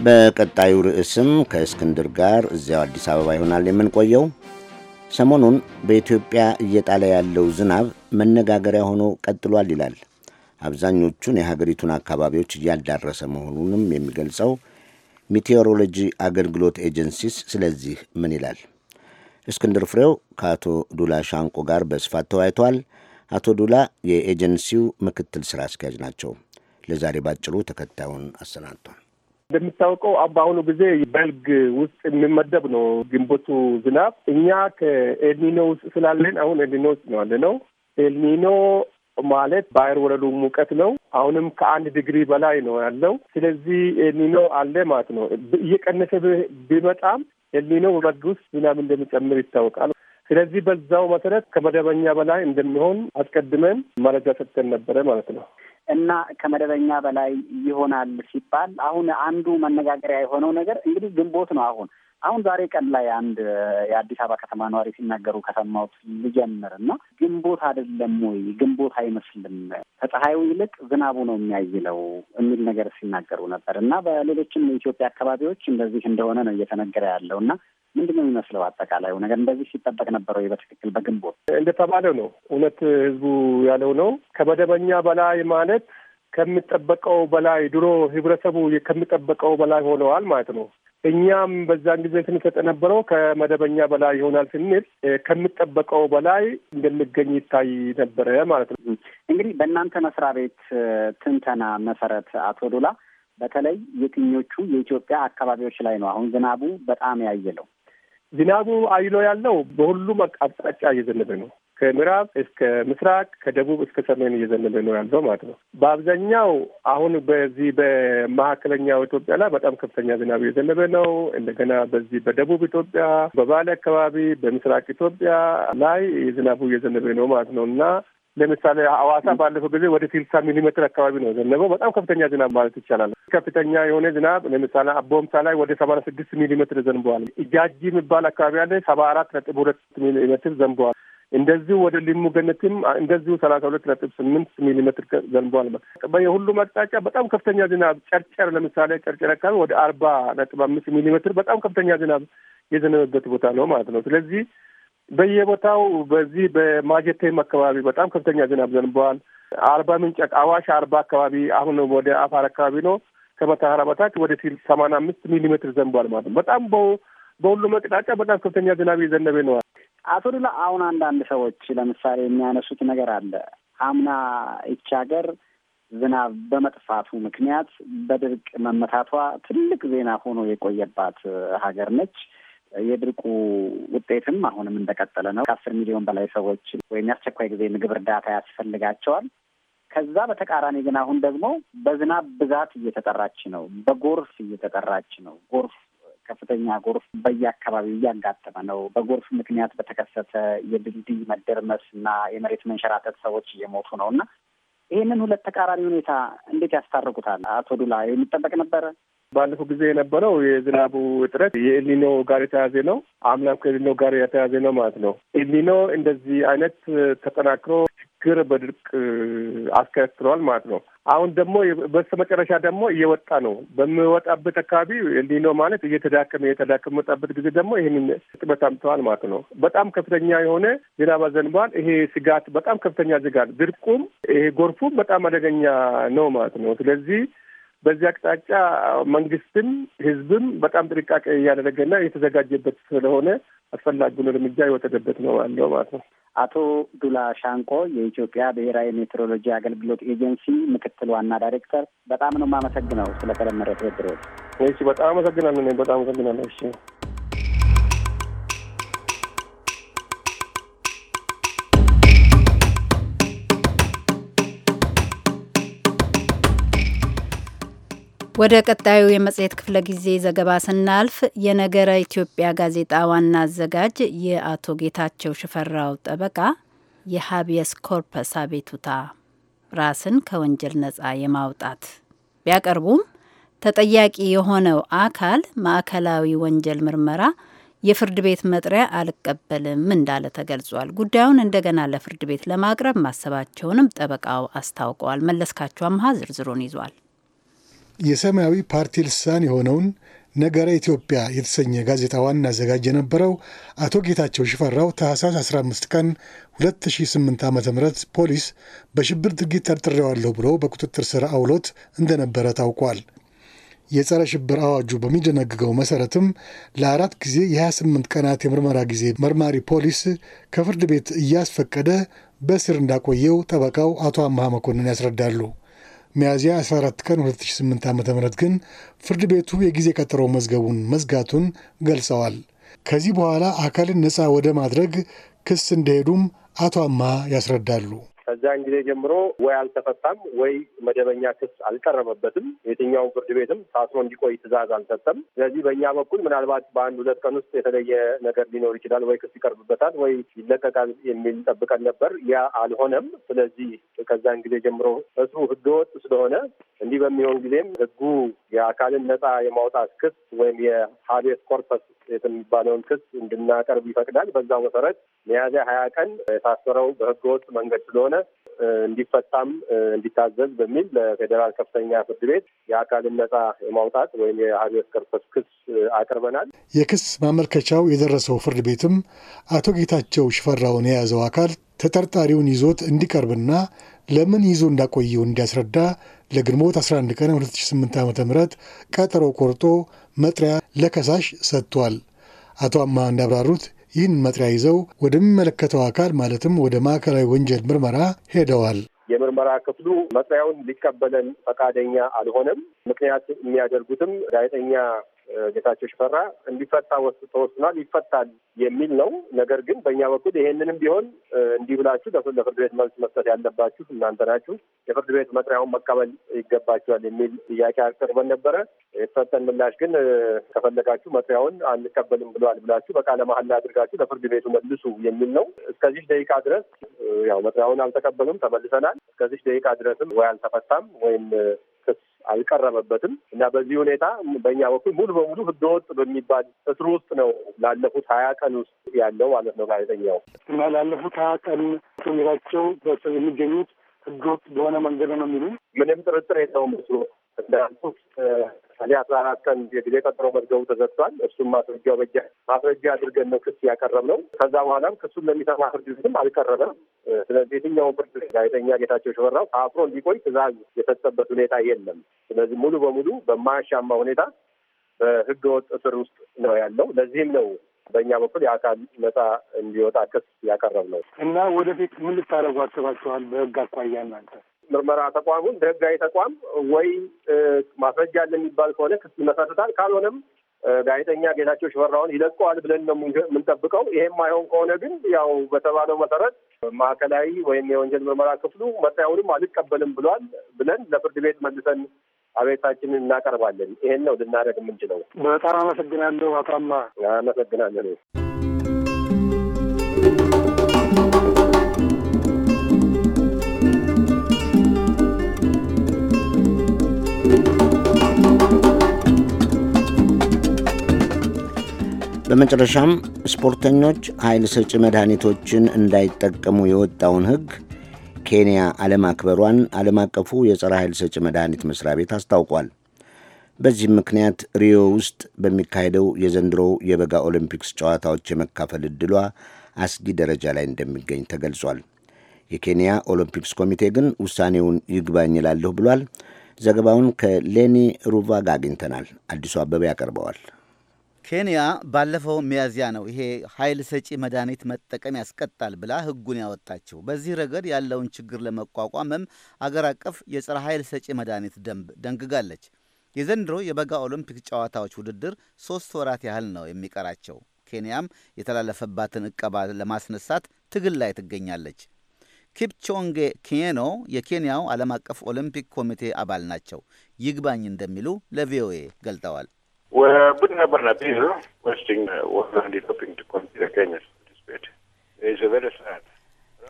በቀጣዩ ርዕስም ከእስክንድር ጋር እዚያው አዲስ አበባ ይሆናል የምንቆየው። ሰሞኑን በኢትዮጵያ እየጣለ ያለው ዝናብ መነጋገሪያ ሆኖ ቀጥሏል ይላል። አብዛኞቹን የሀገሪቱን አካባቢዎች እያዳረሰ መሆኑንም የሚገልጸው ሚቴዎሮሎጂ አገልግሎት ኤጀንሲስ ስለዚህ ምን ይላል? እስክንድር ፍሬው ከአቶ ዱላ ሻንቆ ጋር በስፋት ተወያይተዋል። አቶ ዱላ የኤጀንሲው ምክትል ስራ አስኪያጅ ናቸው። ለዛሬ ባጭሩ ተከታዩን አሰናድቷል። እንደሚታወቀው በአሁኑ ጊዜ በልግ ውስጥ የሚመደብ ነው ግንቦቱ ዝናብ። እኛ ከኤልኒኖ ውስጥ ስላለን አሁን ኤልኒኖ ውስጥ ነው ያለ ነው። ኤልኒኖ ማለት በአየር ወለሉ ሙቀት ነው። አሁንም ከአንድ ዲግሪ በላይ ነው ያለው። ስለዚህ ኤልኒኖ አለ ማለት ነው። እየቀነሰ ቢመጣም ኤልኒኖ በበልግ ውስጥ ዝናብ እንደሚጨምር ይታወቃል። ስለዚህ በዛው መሰረት ከመደበኛ በላይ እንደሚሆን አስቀድመን መረጃ ሰጥተን ነበረ ማለት ነው። እና ከመደበኛ በላይ ይሆናል ሲባል አሁን አንዱ መነጋገሪያ የሆነው ነገር እንግዲህ ግንቦት ነው አሁን አሁን ዛሬ ቀን ላይ አንድ የአዲስ አበባ ከተማ ነዋሪ ሲናገሩ ከሰማሁት ልጀምር እና ግንቦት አይደለም ወይ ግንቦት አይመስልም ከፀሐዩ ይልቅ ዝናቡ ነው የሚያይለው የሚል ነገር ሲናገሩ ነበር እና በሌሎችም የኢትዮጵያ አካባቢዎች እንደዚህ እንደሆነ ነው እየተነገረ ያለው እና ምንድን ነው የሚመስለው አጠቃላዩ ነገር? እንደዚህ ሲጠበቅ ነበረ ወይ? በትክክል በግንቦት እንደተባለው ነው። እውነት ህዝቡ ያለው ነው። ከመደበኛ በላይ ማለት ከሚጠበቀው በላይ ድሮ ህብረተሰቡ ከሚጠበቀው በላይ ሆነዋል ማለት ነው። እኛም በዛን ጊዜ ስንሰጥ የነበረው ከመደበኛ በላይ ይሆናል ስንል ከምጠበቀው በላይ እንደሚገኝ ይታይ ነበረ ማለት ነው። እንግዲህ በእናንተ መስሪያ ቤት ትንተና መሰረት አቶ ዶላ በተለይ የትኞቹ የኢትዮጵያ አካባቢዎች ላይ ነው አሁን ዝናቡ በጣም ያየለው? ዝናቡ አይሎ ያለው በሁሉም አቅጣጫ እየዘነበ ነው። ከምዕራብ እስከ ምስራቅ ከደቡብ እስከ ሰሜን እየዘነበ ነው ያለው ማለት ነው። በአብዛኛው አሁን በዚህ በመካከለኛው ኢትዮጵያ ላይ በጣም ከፍተኛ ዝናብ እየዘነበ ነው። እንደገና በዚህ በደቡብ ኢትዮጵያ፣ በባሌ አካባቢ፣ በምስራቅ ኢትዮጵያ ላይ ዝናቡ እየዘነበ ነው ማለት ነው እና ለምሳሌ ሐዋሳ ባለፈው ጊዜ ወደ ስልሳ ሚሊሜትር አካባቢ ነው ዘነበው። በጣም ከፍተኛ ዝናብ ማለት ይቻላል። ከፍተኛ የሆነ ዝናብ ለምሳሌ አቦምሳ ላይ ወደ ሰባ ስድስት ሚሊሜትር ዘንበዋል። እጃጂ የሚባል አካባቢ ያለ ሰባ አራት ነጥብ ሁለት ሚሊሜትር ዘንበዋል። እንደዚሁ ወደ ሊሙ ገነትም እንደዚሁ ሰላሳ ሁለት ነጥብ ስምንት ሚሊሜትር ዘንቧል። የሁሉም አቅጣጫ በጣም ከፍተኛ ዝናብ ጨርጨር፣ ለምሳሌ ጨርጨር አካባቢ ወደ አርባ ነጥብ አምስት ሚሊሜትር በጣም ከፍተኛ ዝናብ የዘነበበት ቦታ ነው ማለት ነው። ስለዚህ በየቦታው በዚህ በማጀቴም አካባቢ በጣም ከፍተኛ ዝናብ ዘንበዋል። አርባ ምንጭ፣ አዋሽ አርባ አካባቢ አሁን ወደ አፋር አካባቢ ነው ከመተሃራ በታች ወደ ሲል ሰማንያ አምስት ሚሊሜትር ዘንቧል ማለት ነው። በጣም በሁሉም አቅጣጫ በጣም ከፍተኛ ዝናብ የዘነበ ነዋል። አቶ ዱላ፣ አሁን አንዳንድ ሰዎች ለምሳሌ የሚያነሱት ነገር አለ። አምና ይች ሀገር ዝናብ በመጥፋቱ ምክንያት በድርቅ መመታቷ ትልቅ ዜና ሆኖ የቆየባት ሀገር ነች። የድርቁ ውጤትም አሁንም እንደቀጠለ ነው። ከአስር ሚሊዮን በላይ ሰዎች ወይም የአስቸኳይ ጊዜ ምግብ እርዳታ ያስፈልጋቸዋል። ከዛ በተቃራኒ ግን አሁን ደግሞ በዝናብ ብዛት እየተጠራች ነው፣ በጎርፍ እየተጠራች ነው። ጎርፍ ከፍተኛ ጎርፍ በየአካባቢው እያጋጠመ ነው። በጎርፍ ምክንያት በተከሰተ የድልድይ መደርመስ እና የመሬት መንሸራተት ሰዎች እየሞቱ ነው እና ይህንን ሁለት ተቃራኒ ሁኔታ እንዴት ያስታርቁታል? አቶ ዱላ የሚጠበቅ ነበረ? ባለፈው ጊዜ የነበረው የዝናቡ እጥረት የኤልኒኖ ጋር የተያዘ ነው። አምናም ከኤልኒኖ ጋር የተያዘ ነው ማለት ነው። ኤልኒኖ እንደዚህ አይነት ተጠናክሮ ችግር በድርቅ አስከትሏል ማለት ነው። አሁን ደግሞ በስተ መጨረሻ ደግሞ እየወጣ ነው። በምወጣበት አካባቢ እንዲህ ነው ማለት እየተዳከመ እየተዳከመ መጣበት ጊዜ ደግሞ ይህንን እጥበት አምተዋል ማለት ነው። በጣም ከፍተኛ የሆነ ዝናብ ዘንቧል። ይሄ ስጋት በጣም ከፍተኛ ስጋት፣ ድርቁም ይሄ ጎርፉም በጣም አደገኛ ነው ማለት ነው። ስለዚህ በዚህ አቅጣጫ መንግስትም ህዝብም በጣም ጥንቃቄ እያደረገና የተዘጋጀበት ስለሆነ አስፈላጊውን እርምጃ የወሰደበት ነው ያለው ማለት ነው። አቶ ዱላ ሻንቆ የኢትዮጵያ ብሔራዊ ሜትሮሎጂ አገልግሎት ኤጀንሲ ምክትል ዋና ዳይሬክተር፣ በጣም ነው የማመሰግነው ስለተለመደ ትብብሮች። እሺ፣ በጣም አመሰግናለሁ። በጣም አመሰግናለሁ። እሺ። ወደ ቀጣዩ የመጽሔት ክፍለ ጊዜ ዘገባ ስናልፍ የነገረ ኢትዮጵያ ጋዜጣ ዋና አዘጋጅ የአቶ ጌታቸው ሽፈራው ጠበቃ የሀቢየስ ኮርፐስ አቤቱታ ራስን ከወንጀል ነጻ የማውጣት ቢያቀርቡም ተጠያቂ የሆነው አካል ማዕከላዊ ወንጀል ምርመራ የፍርድ ቤት መጥሪያ አልቀበልም እንዳለ ተገልጿል። ጉዳዩን እንደገና ለፍርድ ቤት ለማቅረብ ማሰባቸውንም ጠበቃው አስታውቀዋል። መለስካቸው አምሃ ዝርዝሩን ይዟል። የሰማያዊ ፓርቲ ልሳን የሆነውን ነገረ ኢትዮጵያ የተሰኘ ጋዜጣ ዋና አዘጋጅ የነበረው አቶ ጌታቸው ሽፈራው ታህሳስ 15 ቀን 2008 ዓ ም ፖሊስ በሽብር ድርጊት ጠርጥሬዋለሁ ብሎ በቁጥጥር ስር አውሎት እንደነበረ ታውቋል። የጸረ ሽብር አዋጁ በሚደነግገው መሰረትም ለአራት ጊዜ የ28 ቀናት የምርመራ ጊዜ መርማሪ ፖሊስ ከፍርድ ቤት እያስፈቀደ በስር እንዳቆየው ጠበቃው አቶ አመሃ መኮንን ያስረዳሉ። ሚያዝያ 14 ቀን 2008 ዓ ም ግን ፍርድ ቤቱ የጊዜ ቀጠሮ መዝገቡን መዝጋቱን ገልጸዋል። ከዚህ በኋላ አካልን ነፃ ወደ ማድረግ ክስ እንደሄዱም አቶ አማ ያስረዳሉ። ከዚያን ጊዜ ጀምሮ ወይ አልተፈታም ወይ መደበኛ ክስ አልቀረበበትም። የትኛውን ፍርድ ቤትም ታስሮ እንዲቆይ ትዕዛዝ አልሰጠም። ስለዚህ በእኛ በኩል ምናልባት በአንድ ሁለት ቀን ውስጥ የተለየ ነገር ሊኖር ይችላል፣ ወይ ክስ ይቀርብበታል፣ ወይ ይለቀቃል የሚል ጠብቀን ነበር። ያ አልሆነም። ስለዚህ ከዛን ጊዜ ጀምሮ እስሩ ህገወጥ ስለሆነ እንዲህ በሚሆን ጊዜም ህጉ የአካልን ነፃ የማውጣት ክስ ወይም የሀቤስ ኮርፐስ የሚባለውን ክስ እንድናቀርብ ይፈቅዳል። በዛው መሰረት ሚያዝያ ሀያ ቀን የታሰረው በህገወጥ መንገድ ስለሆነ እንዲፈታም እንዲታዘዝ በሚል ለፌዴራል ከፍተኛ ፍርድ ቤት የአካልን ነጻ የማውጣት ወይም የሀቤስ ኮርፐስ ክስ አቅርበናል። የክስ ማመልከቻው የደረሰው ፍርድ ቤትም አቶ ጌታቸው ሽፈራውን የያዘው አካል ተጠርጣሪውን ይዞት እንዲቀርብና ለምን ይዞ እንዳቆየው እንዲያስረዳ ለግንቦት 11 ቀን 2008 ዓ ም ቀጠሮ ቆርጦ መጥሪያ ለከሳሽ ሰጥቷል። አቶ አማ እንዳብራሩት ይህን መጥሪያ ይዘው ወደሚመለከተው አካል ማለትም ወደ ማዕከላዊ ወንጀል ምርመራ ሄደዋል። የምርመራ ክፍሉ መጥሪያውን ሊቀበለን ፈቃደኛ አልሆነም። ምክንያት የሚያደርጉትም ጋዜጠኛ ጌታቸው ሽፈራ እንዲፈታ ተወስኗል፣ ይፈታል የሚል ነው። ነገር ግን በእኛ በኩል ይሄንንም ቢሆን እንዲህ ብላችሁ ለፍርድ ቤት መልስ መስጠት ያለባችሁ እናንተ ናችሁ፣ የፍርድ ቤት መጥሪያውን መቀበል ይገባችኋል የሚል ጥያቄ አቅርበን ነበረ። የተሰጠን ምላሽ ግን ከፈለጋችሁ መጥሪያውን አንቀበልም ብለዋል ብላችሁ በቃለ መሀል አድርጋችሁ ለፍርድ ቤቱ መልሱ የሚል ነው። እስከዚህ ደቂቃ ድረስ ያው መጥሪያውን አልተቀበሉም፣ ተመልሰናል። እስከዚህ ደቂቃ ድረስም ወይ አልተፈታም ወይም አልቀረበበትም እና በዚህ ሁኔታ በእኛ በኩል ሙሉ በሙሉ ህገወጥ በሚባል እስር ውስጥ ነው ላለፉት ሀያ ቀን ውስጥ ያለው ማለት ነው ጋዜጠኛው እና ላለፉት ሀያ ቀን ቱሚራቸው በስር የሚገኙት ህገወጥ በሆነ መንገድ ነው የሚሉ ምንም ጥርጥር የለውም። እሱ እንዳልኩት ለምሳሌ አስራ አራት ቀን የጊዜ ቀጠሮ መዝገቡ ተዘግቷል። እሱም ማስረጃው በጃ ማስረጃ አድርገን ነው ክስ ያቀረብ ነው። ከዛ በኋላም ክሱን ለሚሰማ ፍርድ ቤትም አልቀረበም። ስለዚህ የትኛው ፍርድ ጋዜጠኛ ጌታቸው ሽፈራው አፍሮ እንዲቆይ ትዕዛዝ የሰጠበት ሁኔታ የለም። ስለዚህ ሙሉ በሙሉ በማያሻማ ሁኔታ በህገ ወጥ እስር ውስጥ ነው ያለው። ለዚህም ነው በእኛ በኩል የአካል ነጻ እንዲወጣ ክስ ያቀረብ ነው እና ወደፊት ምን ልታደርጉ አስባችኋል? በህግ አኳያ እናንተ ምርመራ ተቋሙን በህጋዊ ተቋም ወይ ማስረጃ አለ የሚባል ከሆነ ክስ ይመሰርታል። ካልሆነም ጋዜጠኛ ጌታቸው ሽፈራውን ይለቀዋል ብለን ነው የምንጠብቀው። ይሄም አይሆን ከሆነ ግን ያው በተባለው መሰረት ማዕከላዊ ወይም የወንጀል ምርመራ ክፍሉ መታየውንም አልቀበልም ብሏል ብለን ለፍርድ ቤት መልሰን አቤታችንን እናቀርባለን። ይሄን ነው ልናደርግ የምንችለው። በጣም አመሰግናለሁ። አቶ አማ አመሰግናለሁ። በመጨረሻም ስፖርተኞች ኃይል ሰጪ መድኃኒቶችን እንዳይጠቀሙ የወጣውን ሕግ ኬንያ አለማክበሯን ዓለም አቀፉ የጸረ ኃይል ሰጪ መድኃኒት መስሪያ ቤት አስታውቋል። በዚህም ምክንያት ሪዮ ውስጥ በሚካሄደው የዘንድሮው የበጋ ኦሎምፒክስ ጨዋታዎች የመካፈል ዕድሏ አስጊ ደረጃ ላይ እንደሚገኝ ተገልጿል። የኬንያ ኦሎምፒክስ ኮሚቴ ግን ውሳኔውን ይግባኝ ብሏል። ዘገባውን ከሌኒ ሩቫጋ አግኝተናል። አዲሱ አበበ ያቀርበዋል። ኬንያ ባለፈው ሚያዝያ ነው ይሄ ኃይል ሰጪ መድኃኒት መጠቀም ያስቀጣል ብላ ሕጉን ያወጣችው። በዚህ ረገድ ያለውን ችግር ለመቋቋምም አገር አቀፍ የጸረ ኃይል ሰጪ መድኃኒት ደንብ ደንግጋለች። የዘንድሮ የበጋ ኦሎምፒክ ጨዋታዎች ውድድር ሶስት ወራት ያህል ነው የሚቀራቸው። ኬንያም የተላለፈባትን እቀባ ለማስነሳት ትግል ላይ ትገኛለች። ኪፕቾንጌ ኬኖ የኬንያው ዓለም አቀፍ ኦሎምፒክ ኮሚቴ አባል ናቸው። ይግባኝ እንደሚሉ ለቪኦኤ ገልጠዋል። We're Bernabeu, Western to consider It's a very sad.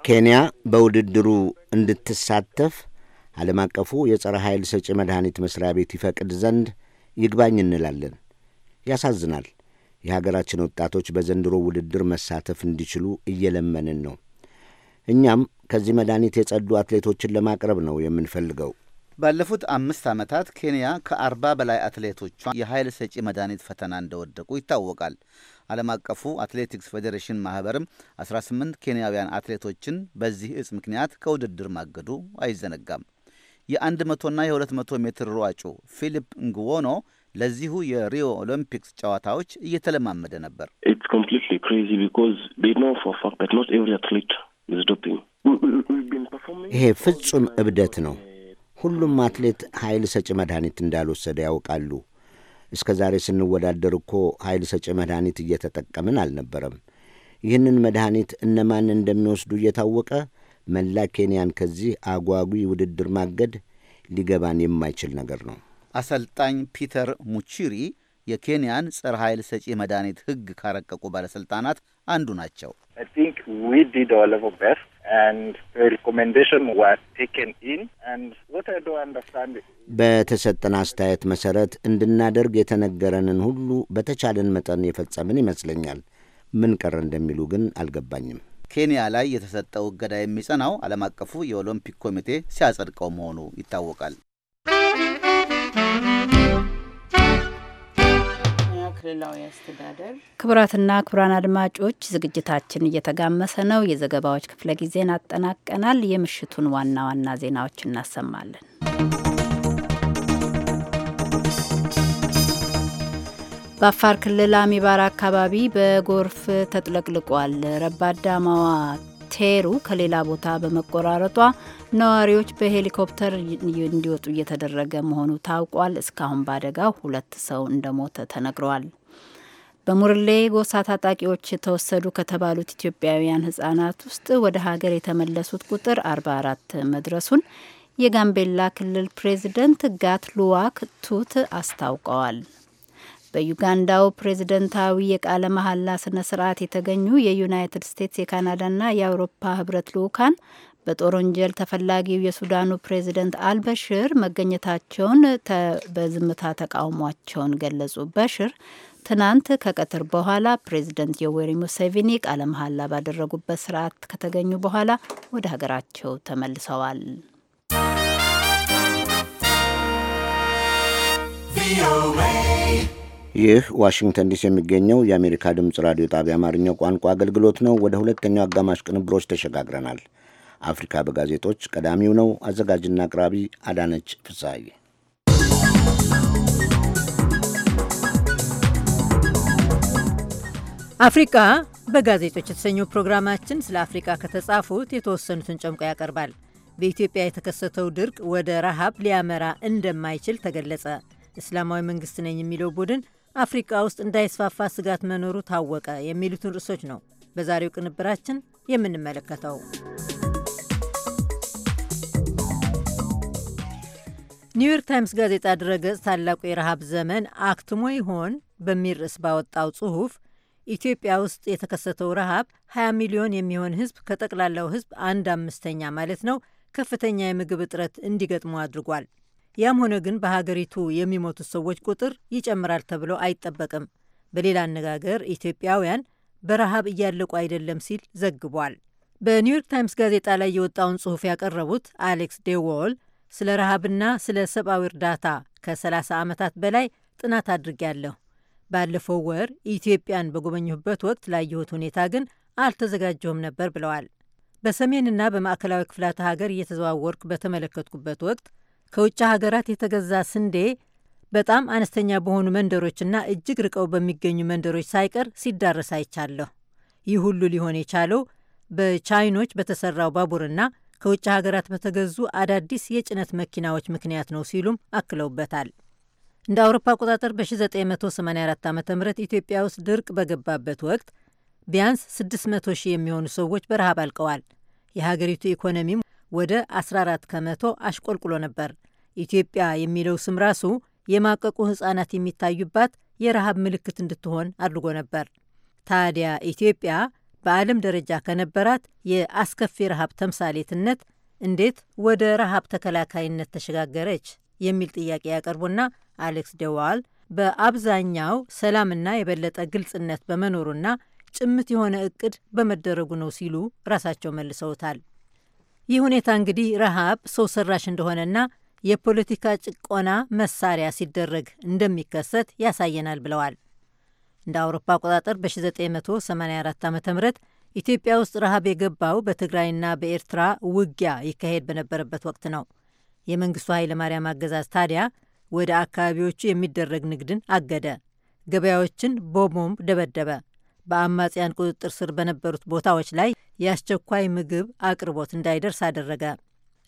ኬንያ በውድድሩ እንድትሳተፍ ዓለም አቀፉ የጸረ ኃይል ሰጪ መድኃኒት መስሪያ ቤት ይፈቅድ ዘንድ ይግባኝ እንላለን። ያሳዝናል። የሀገራችን ወጣቶች በዘንድሮ ውድድር መሳተፍ እንዲችሉ እየለመንን ነው። እኛም ከዚህ መድኃኒት የጸዱ አትሌቶችን ለማቅረብ ነው የምንፈልገው። ባለፉት አምስት ዓመታት ኬንያ ከአርባ በላይ አትሌቶቿ የኃይል ሰጪ መድኃኒት ፈተና እንደወደቁ ይታወቃል። ዓለም አቀፉ አትሌቲክስ ፌዴሬሽን ማህበርም 18 ኬንያውያን አትሌቶችን በዚህ እጽ ምክንያት ከውድድር ማገዱ አይዘነጋም። የ100ና የ200 ሜትር ሯጩ ፊሊፕ ንግዎኖ ለዚሁ የሪዮ ኦሎምፒክስ ጨዋታዎች እየተለማመደ ነበር። ይሄ ፍጹም እብደት ነው። ሁሉም አትሌት ኃይል ሰጪ መድኃኒት እንዳልወሰደ ያውቃሉ። እስከ ዛሬ ስንወዳደር እኮ ኃይል ሰጪ መድኃኒት እየተጠቀምን አልነበረም። ይህንን መድኃኒት እነማን እንደሚወስዱ እየታወቀ መላ ኬንያን ከዚህ አጓጊ ውድድር ማገድ ሊገባን የማይችል ነገር ነው። አሰልጣኝ ፒተር ሙቺሪ የኬንያን ጸረ ኃይል ሰጪ መድኃኒት ሕግ ካረቀቁ ባለሥልጣናት አንዱ ናቸው። በተሰጠን አስተያየት መሰረት እንድናደርግ የተነገረንን ሁሉ በተቻለን መጠን የፈጸምን ይመስለኛል። ምን ቀረ እንደሚሉ ግን አልገባኝም። ኬንያ ላይ የተሰጠው እገዳ የሚጸናው ዓለም አቀፉ የኦሎምፒክ ኮሚቴ ሲያጸድቀው መሆኑ ይታወቃል። ክልላዊ አስተዳደር። ክቡራትና ክቡራን አድማጮች ዝግጅታችን እየተጋመሰ ነው። የዘገባዎች ክፍለ ጊዜን አጠናቀናል። የምሽቱን ዋና ዋና ዜናዎች እናሰማለን። በአፋር ክልል አሚባር አካባቢ በጎርፍ ተጥለቅልቋል። ረባዳማዋ ቴሩ ከሌላ ቦታ በመቆራረጧ ነዋሪዎች በሄሊኮፕተር እንዲወጡ እየተደረገ መሆኑ ታውቋል። እስካሁን በአደጋው ሁለት ሰው እንደሞተ ተነግረዋል። በሙርሌ ጎሳ ታጣቂዎች የተወሰዱ ከተባሉት ኢትዮጵያውያን ህጻናት ውስጥ ወደ ሀገር የተመለሱት ቁጥር 44 መድረሱን የጋምቤላ ክልል ፕሬዚደንት ጋት ሉዋክ ቱት አስታውቀዋል። በዩጋንዳው ፕሬዝደንታዊ የቃለ መሐላ ስነ ስርዓት የተገኙ የዩናይትድ ስቴትስ የካናዳና የአውሮፓ ህብረት ልዑካን በጦር ወንጀል ተፈላጊው የሱዳኑ ፕሬዝደንት አልበሽር መገኘታቸውን በዝምታ ተቃውሟቸውን ገለጹ። በሽር ትናንት ከቀትር በኋላ ፕሬዚደንት ዮዌሪ ሙሴቪኒ ቃለ መሐላ ባደረጉበት ስርዓት ከተገኙ በኋላ ወደ ሀገራቸው ተመልሰዋል። ይህ ዋሽንግተን ዲሲ የሚገኘው የአሜሪካ ድምፅ ራዲዮ ጣቢያ አማርኛው ቋንቋ አገልግሎት ነው። ወደ ሁለተኛው አጋማሽ ቅንብሮች ተሸጋግረናል። አፍሪካ በጋዜጦች ቀዳሚው ነው። አዘጋጅና አቅራቢ አዳነች ፍሳሐዬ አፍሪቃ በጋዜጦች የተሰኘው ፕሮግራማችን ስለ አፍሪቃ ከተጻፉት የተወሰኑትን ጨምቆ ያቀርባል። በኢትዮጵያ የተከሰተው ድርቅ ወደ ረሃብ ሊያመራ እንደማይችል ተገለጸ። እስላማዊ መንግስት ነኝ የሚለው ቡድን አፍሪቃ ውስጥ እንዳይስፋፋ ስጋት መኖሩ ታወቀ። የሚሉትን ርዕሶች ነው በዛሬው ቅንብራችን የምንመለከተው። ኒውዮርክ ታይምስ ጋዜጣ ድረገጽ ታላቁ የረሃብ ዘመን አክትሞ ይሆን በሚል ርዕስ ባወጣው ጽሑፍ ኢትዮጵያ ውስጥ የተከሰተው ረሃብ 20 ሚሊዮን የሚሆን ህዝብ ከጠቅላላው ህዝብ አንድ አምስተኛ ማለት ነው ከፍተኛ የምግብ እጥረት እንዲገጥመው አድርጓል። ያም ሆነ ግን በሀገሪቱ የሚሞቱት ሰዎች ቁጥር ይጨምራል ተብሎ አይጠበቅም። በሌላ አነጋገር ኢትዮጵያውያን በረሃብ እያለቁ አይደለም ሲል ዘግቧል። በኒውዮርክ ታይምስ ጋዜጣ ላይ የወጣውን ጽሑፍ ያቀረቡት አሌክስ ዴዎል ስለ ረሃብና ስለ ሰብአዊ እርዳታ ከ30 ዓመታት በላይ ጥናት አድርጌያለሁ ባለፈው ወር ኢትዮጵያን በጎበኘሁበት ወቅት ላየሁት ሁኔታ ግን አልተዘጋጀሁም ነበር ብለዋል። በሰሜንና በማዕከላዊ ክፍላተ ሀገር እየተዘዋወርኩ በተመለከትኩበት ወቅት ከውጭ ሀገራት የተገዛ ስንዴ በጣም አነስተኛ በሆኑ መንደሮችና እጅግ ርቀው በሚገኙ መንደሮች ሳይቀር ሲዳረስ አይቻለሁ። ይህ ሁሉ ሊሆን የቻለው በቻይኖች በተሰራው ባቡርና ከውጭ ሀገራት በተገዙ አዳዲስ የጭነት መኪናዎች ምክንያት ነው ሲሉም አክለውበታል። እንደ አውሮፓ አቆጣጠር በ1984 ዓ ም ኢትዮጵያ ውስጥ ድርቅ በገባበት ወቅት ቢያንስ 600 ሺህ የሚሆኑ ሰዎች በረሃብ አልቀዋል። የሀገሪቱ ኢኮኖሚም ወደ 14 ከመቶ አሽቆልቁሎ ነበር። ኢትዮጵያ የሚለው ስም ራሱ የማቀቁ ሕፃናት የሚታዩባት የረሃብ ምልክት እንድትሆን አድርጎ ነበር። ታዲያ ኢትዮጵያ በዓለም ደረጃ ከነበራት የአስከፊ ረሃብ ተምሳሌትነት እንዴት ወደ ረሃብ ተከላካይነት ተሸጋገረች? የሚል ጥያቄ ያቀርቡና አሌክስ ደዋል በአብዛኛው ሰላምና የበለጠ ግልጽነት በመኖሩና ጭምት የሆነ እቅድ በመደረጉ ነው ሲሉ ራሳቸው መልሰውታል። ይህ ሁኔታ እንግዲህ ረሃብ ሰው ሰራሽ እንደሆነና የፖለቲካ ጭቆና መሳሪያ ሲደረግ እንደሚከሰት ያሳየናል ብለዋል። እንደ አውሮፓ አቆጣጠር በ1984 ዓ ም ኢትዮጵያ ውስጥ ረሃብ የገባው በትግራይና በኤርትራ ውጊያ ይካሄድ በነበረበት ወቅት ነው። የመንግስቱ ኃይለማርያም አገዛዝ ታዲያ ወደ አካባቢዎቹ የሚደረግ ንግድን አገደ፣ ገበያዎችን በቦምብ ደበደበ፣ በአማጽያን ቁጥጥር ስር በነበሩት ቦታዎች ላይ የአስቸኳይ ምግብ አቅርቦት እንዳይደርስ አደረገ።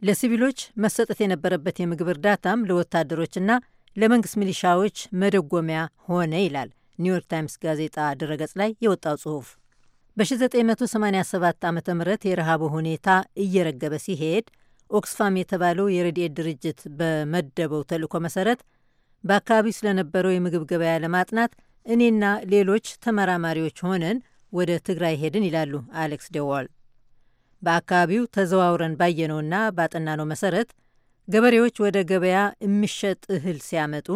ለሲቪሎች መሰጠት የነበረበት የምግብ እርዳታም ለወታደሮችና ለመንግስት ሚሊሻዎች መደጎሚያ ሆነ ይላል ኒውዮርክ ታይምስ ጋዜጣ ድረገጽ ላይ የወጣው ጽሑፍ። በ1987 ዓ ም የረሃቡ ሁኔታ እየረገበ ሲሄድ ኦክስፋም የተባለው የረድኤት ድርጅት በመደበው ተልእኮ መሰረት በአካባቢው ስለነበረው የምግብ ገበያ ለማጥናት እኔና ሌሎች ተመራማሪዎች ሆነን ወደ ትግራይ ሄድን ይላሉ አሌክስ ደዋል። በአካባቢው ተዘዋውረን ባየነውና ባጠናነው መሰረት ገበሬዎች ወደ ገበያ የሚሸጥ እህል ሲያመጡ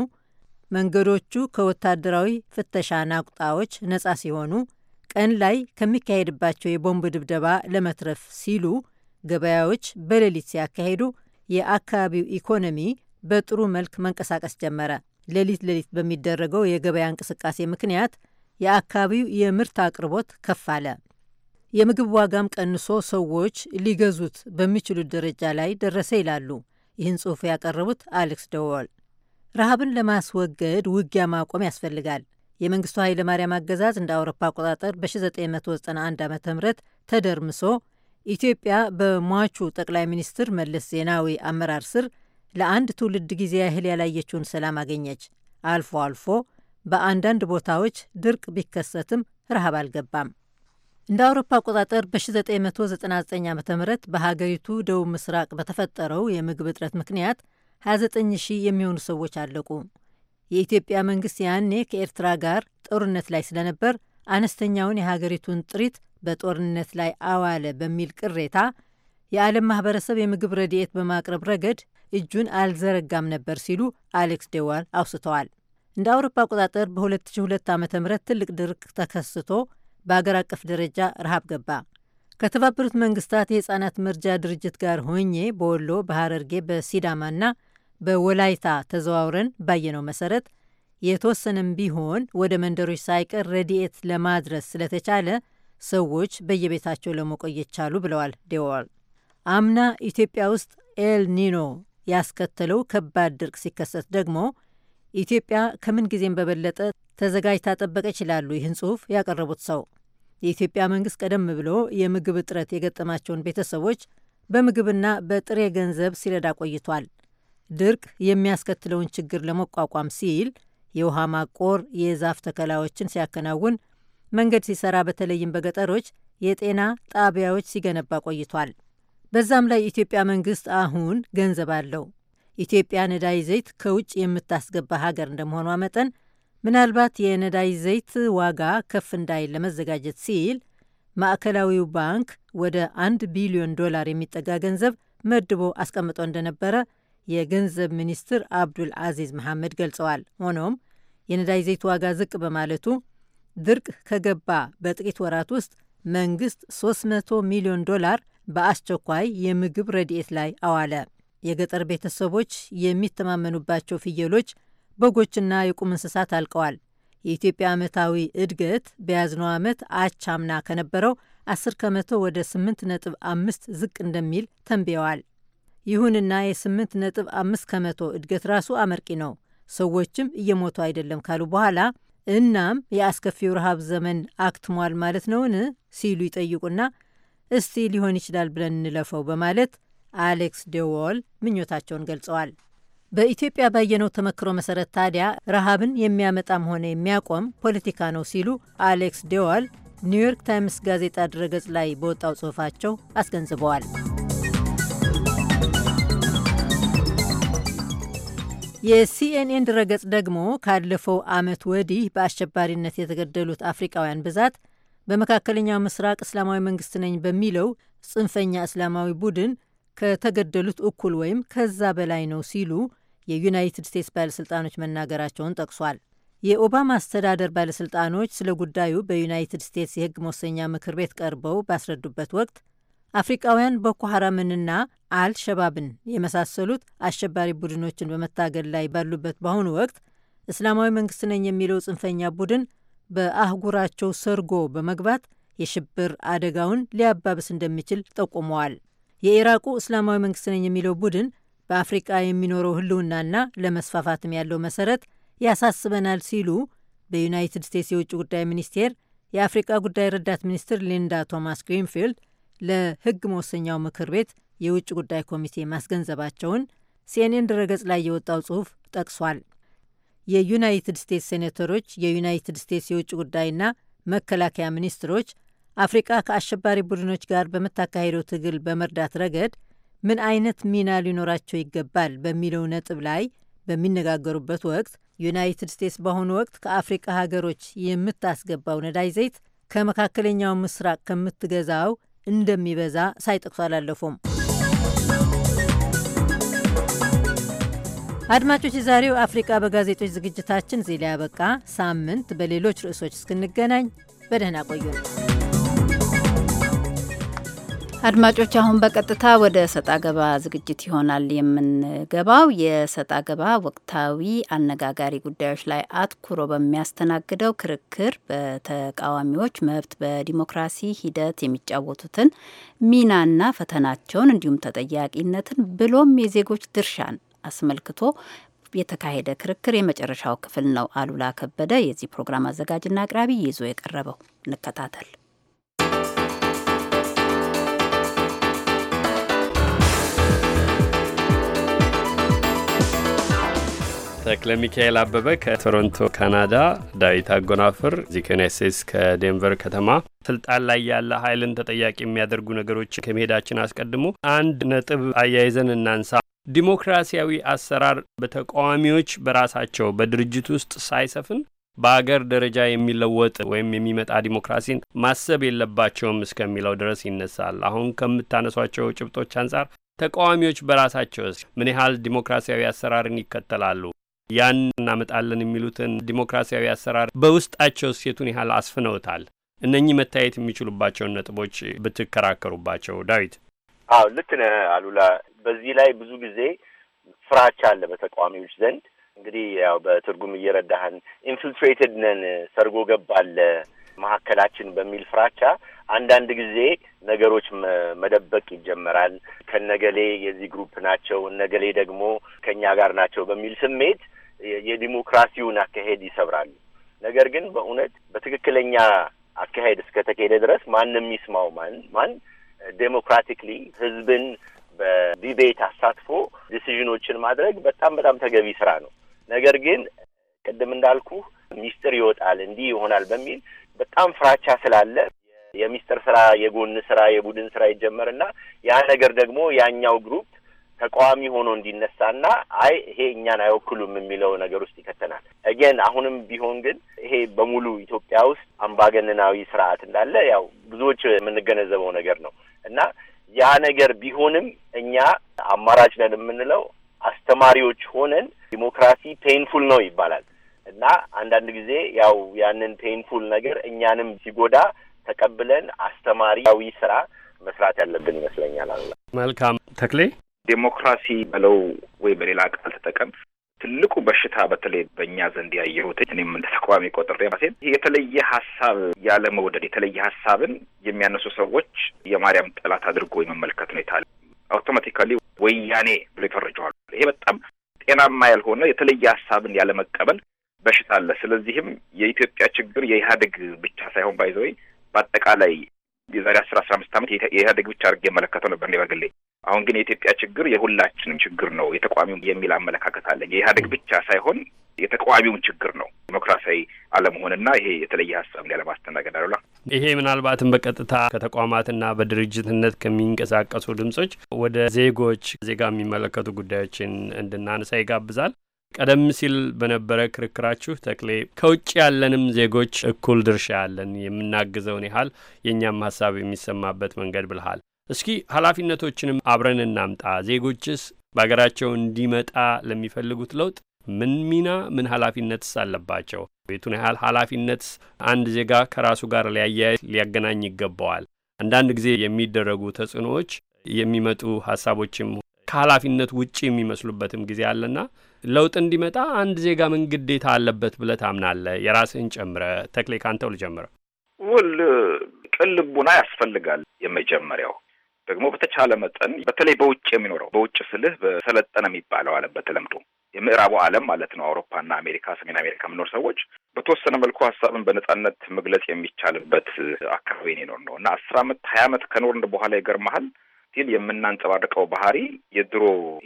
መንገዶቹ ከወታደራዊ ፍተሻ ናቁጣዎች ነጻ ሲሆኑ፣ ቀን ላይ ከሚካሄድባቸው የቦምብ ድብደባ ለመትረፍ ሲሉ ገበያዎች በሌሊት ሲያካሂዱ የአካባቢው ኢኮኖሚ በጥሩ መልክ መንቀሳቀስ ጀመረ። ሌሊት ሌሊት በሚደረገው የገበያ እንቅስቃሴ ምክንያት የአካባቢው የምርት አቅርቦት ከፍ አለ። የምግብ ዋጋም ቀንሶ ሰዎች ሊገዙት በሚችሉት ደረጃ ላይ ደረሰ ይላሉ ይህን ጽሑፍ ያቀረቡት አሌክስ ደወል። ረሃብን ለማስወገድ ውጊያ ማቆም ያስፈልጋል። የመንግስቱ ኃይለማርያም አገዛዝ እንደ አውሮፓ አቆጣጠር በ1991 ዓ ም ተደርምሶ ኢትዮጵያ በሟቹ ጠቅላይ ሚኒስትር መለስ ዜናዊ አመራር ስር ለአንድ ትውልድ ጊዜ ያህል ያላየችውን ሰላም አገኘች። አልፎ አልፎ በአንዳንድ ቦታዎች ድርቅ ቢከሰትም ረሃብ አልገባም። እንደ አውሮፓ አቆጣጠር በ1999 ዓ ም በሀገሪቱ ደቡብ ምስራቅ በተፈጠረው የምግብ እጥረት ምክንያት 29 ሺህ የሚሆኑ ሰዎች አለቁ። የኢትዮጵያ መንግስት ያኔ ከኤርትራ ጋር ጦርነት ላይ ስለነበር አነስተኛውን የሀገሪቱን ጥሪት በጦርነት ላይ አዋለ በሚል ቅሬታ የዓለም ማህበረሰብ የምግብ ረድኤት በማቅረብ ረገድ እጁን አልዘረጋም ነበር ሲሉ አሌክስ ዴዋል አውስተዋል። እንደ አውሮፓ አቆጣጠር በ2002 ዓ ም ትልቅ ድርቅ ተከስቶ በአገር አቀፍ ደረጃ ረሃብ ገባ። ከተባበሩት መንግስታት የሕፃናት መርጃ ድርጅት ጋር ሆኜ በወሎ፣ በሐረርጌ፣ በሲዳማና በወላይታ ተዘዋውረን ባየነው መሰረት የተወሰነም ቢሆን ወደ መንደሮች ሳይቀር ረድኤት ለማድረስ ስለተቻለ ሰዎች በየቤታቸው ለመቆየት ቻሉ ብለዋል ዴዋል። አምና ኢትዮጵያ ውስጥ ኤል ኒኖ ያስከተለው ከባድ ድርቅ ሲከሰት ደግሞ ኢትዮጵያ ከምን ጊዜም በበለጠ ተዘጋጅታ ጠበቀች ይላሉ ይህን ጽሑፍ ያቀረቡት ሰው። የኢትዮጵያ መንግስት ቀደም ብሎ የምግብ እጥረት የገጠማቸውን ቤተሰቦች በምግብና በጥሬ ገንዘብ ሲረዳ ቆይቷል። ድርቅ የሚያስከትለውን ችግር ለመቋቋም ሲል የውሃ ማቆር፣ የዛፍ ተከላዎችን ሲያከናውን መንገድ ሲሰራ በተለይም በገጠሮች የጤና ጣቢያዎች ሲገነባ ቆይቷል። በዛም ላይ የኢትዮጵያ መንግስት አሁን ገንዘብ አለው። ኢትዮጵያ ነዳይ ዘይት ከውጭ የምታስገባ ሀገር እንደመሆኗ መጠን ምናልባት የነዳይ ዘይት ዋጋ ከፍ እንዳይል ለመዘጋጀት ሲል ማዕከላዊው ባንክ ወደ አንድ ቢሊዮን ዶላር የሚጠጋ ገንዘብ መድቦ አስቀምጦ እንደነበረ የገንዘብ ሚኒስትር አብዱል አዚዝ መሐመድ ገልጸዋል። ሆኖም የነዳጅ ዘይት ዋጋ ዝቅ በማለቱ ድርቅ ከገባ በጥቂት ወራት ውስጥ መንግስት 300 ሚሊዮን ዶላር በአስቸኳይ የምግብ ረድኤት ላይ አዋለ። የገጠር ቤተሰቦች የሚተማመኑባቸው ፍየሎች፣ በጎችና የቁም እንስሳት አልቀዋል። የኢትዮጵያ ዓመታዊ እድገት በያዝነው ዓመት አቻምና ከነበረው 10 ከመቶ ወደ 8.5 ዝቅ እንደሚል ተንብየዋል። ይሁንና የ8.5 ከመቶ እድገት ራሱ አመርቂ ነው፣ ሰዎችም እየሞቱ አይደለም ካሉ በኋላ እናም የአስከፊው ረሃብ ዘመን አክትሟል ማለት ነውን? ሲሉ ይጠይቁና እስቲ ሊሆን ይችላል ብለን እንለፈው በማለት አሌክስ ዴዎል ምኞታቸውን ገልጸዋል። በኢትዮጵያ ባየነው ተመክሮ መሰረት ታዲያ ረሃብን የሚያመጣም ሆነ የሚያቆም ፖለቲካ ነው ሲሉ አሌክስ ዴዋል ኒውዮርክ ታይምስ ጋዜጣ ድረገጽ ላይ በወጣው ጽሑፋቸው አስገንዝበዋል። የሲኤንኤን ድረገጽ ደግሞ ካለፈው ዓመት ወዲህ በአሸባሪነት የተገደሉት አፍሪቃውያን ብዛት በመካከለኛው ምስራቅ እስላማዊ መንግስት ነኝ በሚለው ጽንፈኛ እስላማዊ ቡድን ከተገደሉት እኩል ወይም ከዛ በላይ ነው ሲሉ የዩናይትድ ስቴትስ ባለሥልጣኖች መናገራቸውን ጠቅሷል። የኦባማ አስተዳደር ባለሥልጣኖች ስለ ጉዳዩ በዩናይትድ ስቴትስ የሕግ መወሰኛ ምክር ቤት ቀርበው ባስረዱበት ወቅት አፍሪቃውያን ቦኮ ሐራምንና አልሸባብን የመሳሰሉት አሸባሪ ቡድኖችን በመታገል ላይ ባሉበት በአሁኑ ወቅት እስላማዊ መንግስት ነኝ የሚለው ጽንፈኛ ቡድን በአህጉራቸው ሰርጎ በመግባት የሽብር አደጋውን ሊያባብስ እንደሚችል ጠቁመዋል። የኢራቁ እስላማዊ መንግስት ነኝ የሚለው ቡድን በአፍሪቃ የሚኖረው ህልውናና ለመስፋፋትም ያለው መሰረት ያሳስበናል ሲሉ በዩናይትድ ስቴትስ የውጭ ጉዳይ ሚኒስቴር የአፍሪቃ ጉዳይ ረዳት ሚኒስትር ሊንዳ ቶማስ ግሪንፊልድ ለሕግ መወሰኛው ምክር ቤት የውጭ ጉዳይ ኮሚቴ ማስገንዘባቸውን ሲኤንኤን ድረገጽ ላይ የወጣው ጽሑፍ ጠቅሷል። የዩናይትድ ስቴትስ ሴኔተሮች፣ የዩናይትድ ስቴትስ የውጭ ጉዳይና መከላከያ ሚኒስትሮች አፍሪቃ ከአሸባሪ ቡድኖች ጋር በምታካሄደው ትግል በመርዳት ረገድ ምን አይነት ሚና ሊኖራቸው ይገባል በሚለው ነጥብ ላይ በሚነጋገሩበት ወቅት ዩናይትድ ስቴትስ በአሁኑ ወቅት ከአፍሪቃ ሀገሮች የምታስገባው ነዳጅ ዘይት ከመካከለኛው ምስራቅ ከምትገዛው እንደሚበዛ ሳይጠቅሱ አላለፉም። አድማጮች፣ የዛሬው አፍሪቃ በጋዜጦች ዝግጅታችን ዚህ ላይ ያበቃ። ሳምንት በሌሎች ርዕሶች እስክንገናኝ በደህና ቆዩ ነው አድማጮች አሁን በቀጥታ ወደ ሰጣ ገባ ዝግጅት ይሆናል የምንገባው። የሰጣ ገባ ወቅታዊ አነጋጋሪ ጉዳዮች ላይ አትኩሮ በሚያስተናግደው ክርክር በተቃዋሚዎች መብት በዲሞክራሲ ሂደት የሚጫወቱትን ሚናና ፈተናቸውን እንዲሁም ተጠያቂነትን ብሎም የዜጎች ድርሻን አስመልክቶ የተካሄደ ክርክር የመጨረሻው ክፍል ነው። አሉላ ከበደ የዚህ ፕሮግራም አዘጋጅና አቅራቢ ይዞ የቀረበው እንከታተል። ተክለ ሚካኤል አበበ ከቶሮንቶ ካናዳ፣ ዳዊት አጎናፍር እዚህ ከዩናይት ስቴትስ ከዴንቨር ከተማ ስልጣን ላይ ያለ ኃይልን ተጠያቂ የሚያደርጉ ነገሮች ከመሄዳችን አስቀድሞ አንድ ነጥብ አያይዘን እናንሳ። ዲሞክራሲያዊ አሰራር በተቃዋሚዎች በራሳቸው በድርጅት ውስጥ ሳይሰፍን በአገር ደረጃ የሚለወጥ ወይም የሚመጣ ዲሞክራሲን ማሰብ የለባቸውም እስከሚለው ድረስ ይነሳል። አሁን ከምታነሷቸው ጭብጦች አንጻር ተቃዋሚዎች በራሳቸው ምን ያህል ዲሞክራሲያዊ አሰራርን ይከተላሉ? ያን እናመጣለን የሚሉትን ዲሞክራሲያዊ አሰራር በውስጣቸው ሴቱን ያህል አስፍነውታል። እነኚህ መታየት የሚችሉባቸውን ነጥቦች ብትከራከሩባቸው። ዳዊት አዎ ልክ ነህ አሉላ። በዚህ ላይ ብዙ ጊዜ ፍራቻ አለ በተቃዋሚዎች ዘንድ። እንግዲህ ያው በትርጉም እየረዳህን ኢንፊልትሬትድ ነን፣ ሰርጎ ገባለ መሀከላችን በሚል ፍራቻ አንዳንድ ጊዜ ነገሮች መደበቅ ይጀመራል። ከነገሌ የዚህ ግሩፕ ናቸው፣ እነገሌ ደግሞ ከእኛ ጋር ናቸው በሚል ስሜት የዲሞክራሲውን አካሄድ ይሰብራሉ። ነገር ግን በእውነት በትክክለኛ አካሄድ ተካሄደ ድረስ ማን የሚስማው ማን ማን ዴሞክራቲክሊ ህዝብን በዲቤት አሳትፎ ዲሲዥኖችን ማድረግ በጣም በጣም ተገቢ ስራ ነው። ነገር ግን ቅድም እንዳልኩ ሚስጥር ይወጣል እንዲህ ይሆናል በሚል በጣም ፍራቻ ስላለ የሚስጥር ስራ፣ የጎን ስራ፣ የቡድን ስራ ይጀመርና ያ ነገር ደግሞ ያኛው ግሩፕ ተቃዋሚ ሆኖ እንዲነሳና አይ ይሄ እኛን አይወክሉም የሚለው ነገር ውስጥ ይከተናል። እጌን አሁንም ቢሆን ግን ይሄ በሙሉ ኢትዮጵያ ውስጥ አምባገነናዊ ስርዓት እንዳለ ያው ብዙዎች የምንገነዘበው ነገር ነው እና ያ ነገር ቢሆንም እኛ አማራጭ ነን የምንለው አስተማሪዎች ሆነን ዲሞክራሲ ፔንፉል ነው ይባላል እና አንዳንድ ጊዜ ያው ያንን ፔንፉል ነገር እኛንም ሲጎዳ ተቀብለን አስተማሪያዊ ስራ መስራት ያለብን ይመስለኛል። አላ መልካም ተክሌ ዴሞክራሲ በለው ወይ በሌላ ቃል ተጠቀም ትልቁ በሽታ በተለይ በእኛ ዘንድ ያየሁት እኔም እንደ ተቃዋሚ ቆጥሬ ራሴን የተለየ ሀሳብ ያለመውደድ የተለየ ሀሳብን የሚያነሱ ሰዎች የማርያም ጠላት አድርጎ የመመልከት ሁኔታ አለ። አውቶማቲካሊ ወያኔ ብሎ ይፈርጀዋል። ይሄ በጣም ጤናማ ያልሆነ የተለየ ሀሳብን ያለመቀበል በሽታ አለ። ስለዚህም የኢትዮጵያ ችግር የኢህአዴግ ብቻ ሳይሆን ባይዘወይ በአጠቃላይ የዛሬ አስር አስራ አምስት ዓመት የኢህአዴግ ብቻ አድርጌ የመለከተው ነበር እኔ በግሌ አሁን ግን የኢትዮጵያ ችግር የሁላችንም ችግር ነው የተቃዋሚው የሚል አመለካከት አለኝ። የኢህአዴግ ብቻ ሳይሆን የተቃዋሚውን ችግር ነው ዲሞክራሲያዊ አለመሆንና ይሄ የተለየ ሀሳብ ላይ ለማስተናገድ አሉላ ይሄ ምናልባትም በቀጥታ ከተቋማትና በድርጅትነት ከሚንቀሳቀሱ ድምጾች ወደ ዜጎች ዜጋ የሚመለከቱ ጉዳዮችን እንድናነሳ ይጋብዛል። ቀደም ሲል በነበረ ክርክራችሁ ተክሌ ከውጭ ያለንም ዜጎች እኩል ድርሻ ያለን የምናግዘውን ያህል የእኛም ሀሳብ የሚሰማበት መንገድ ብልሃል። እስኪ ኃላፊነቶችንም አብረን እናምጣ። ዜጎችስ በሀገራቸው እንዲመጣ ለሚፈልጉት ለውጥ ምን ሚና ምን ኃላፊነትስ አለባቸው? ቤቱን ያህል ኃላፊነትስ አንድ ዜጋ ከራሱ ጋር ሊያያይ ሊያገናኝ ይገባዋል። አንዳንድ ጊዜ የሚደረጉ ተጽዕኖዎች የሚመጡ ሀሳቦችም ከኃላፊነት ውጭ የሚመስሉበትም ጊዜ አለና ለውጥ እንዲመጣ አንድ ዜጋ ምን ግዴታ አለበት ብለህ ታምናለህ? የራስህን ጨምረ ተክሌ ካንተው ልጀምረ ውል ቅልቡና ያስፈልጋል። የመጀመሪያው ደግሞ በተቻለ መጠን በተለይ በውጭ የሚኖረው በውጭ ስልህ በሰለጠነ የሚባለው ዓለም በተለምዶ የምዕራቡ ዓለም ማለት ነው። አውሮፓና አሜሪካ፣ ሰሜን አሜሪካ የምኖር ሰዎች በተወሰነ መልኩ ሀሳብን በነጻነት መግለጽ የሚቻልበት አካባቢ ይኖር ነው እና አስር አመት ሀያ አመት ከኖርን በኋላ ይገርመሃል ሲል የምናንጸባርቀው ባህሪ የድሮ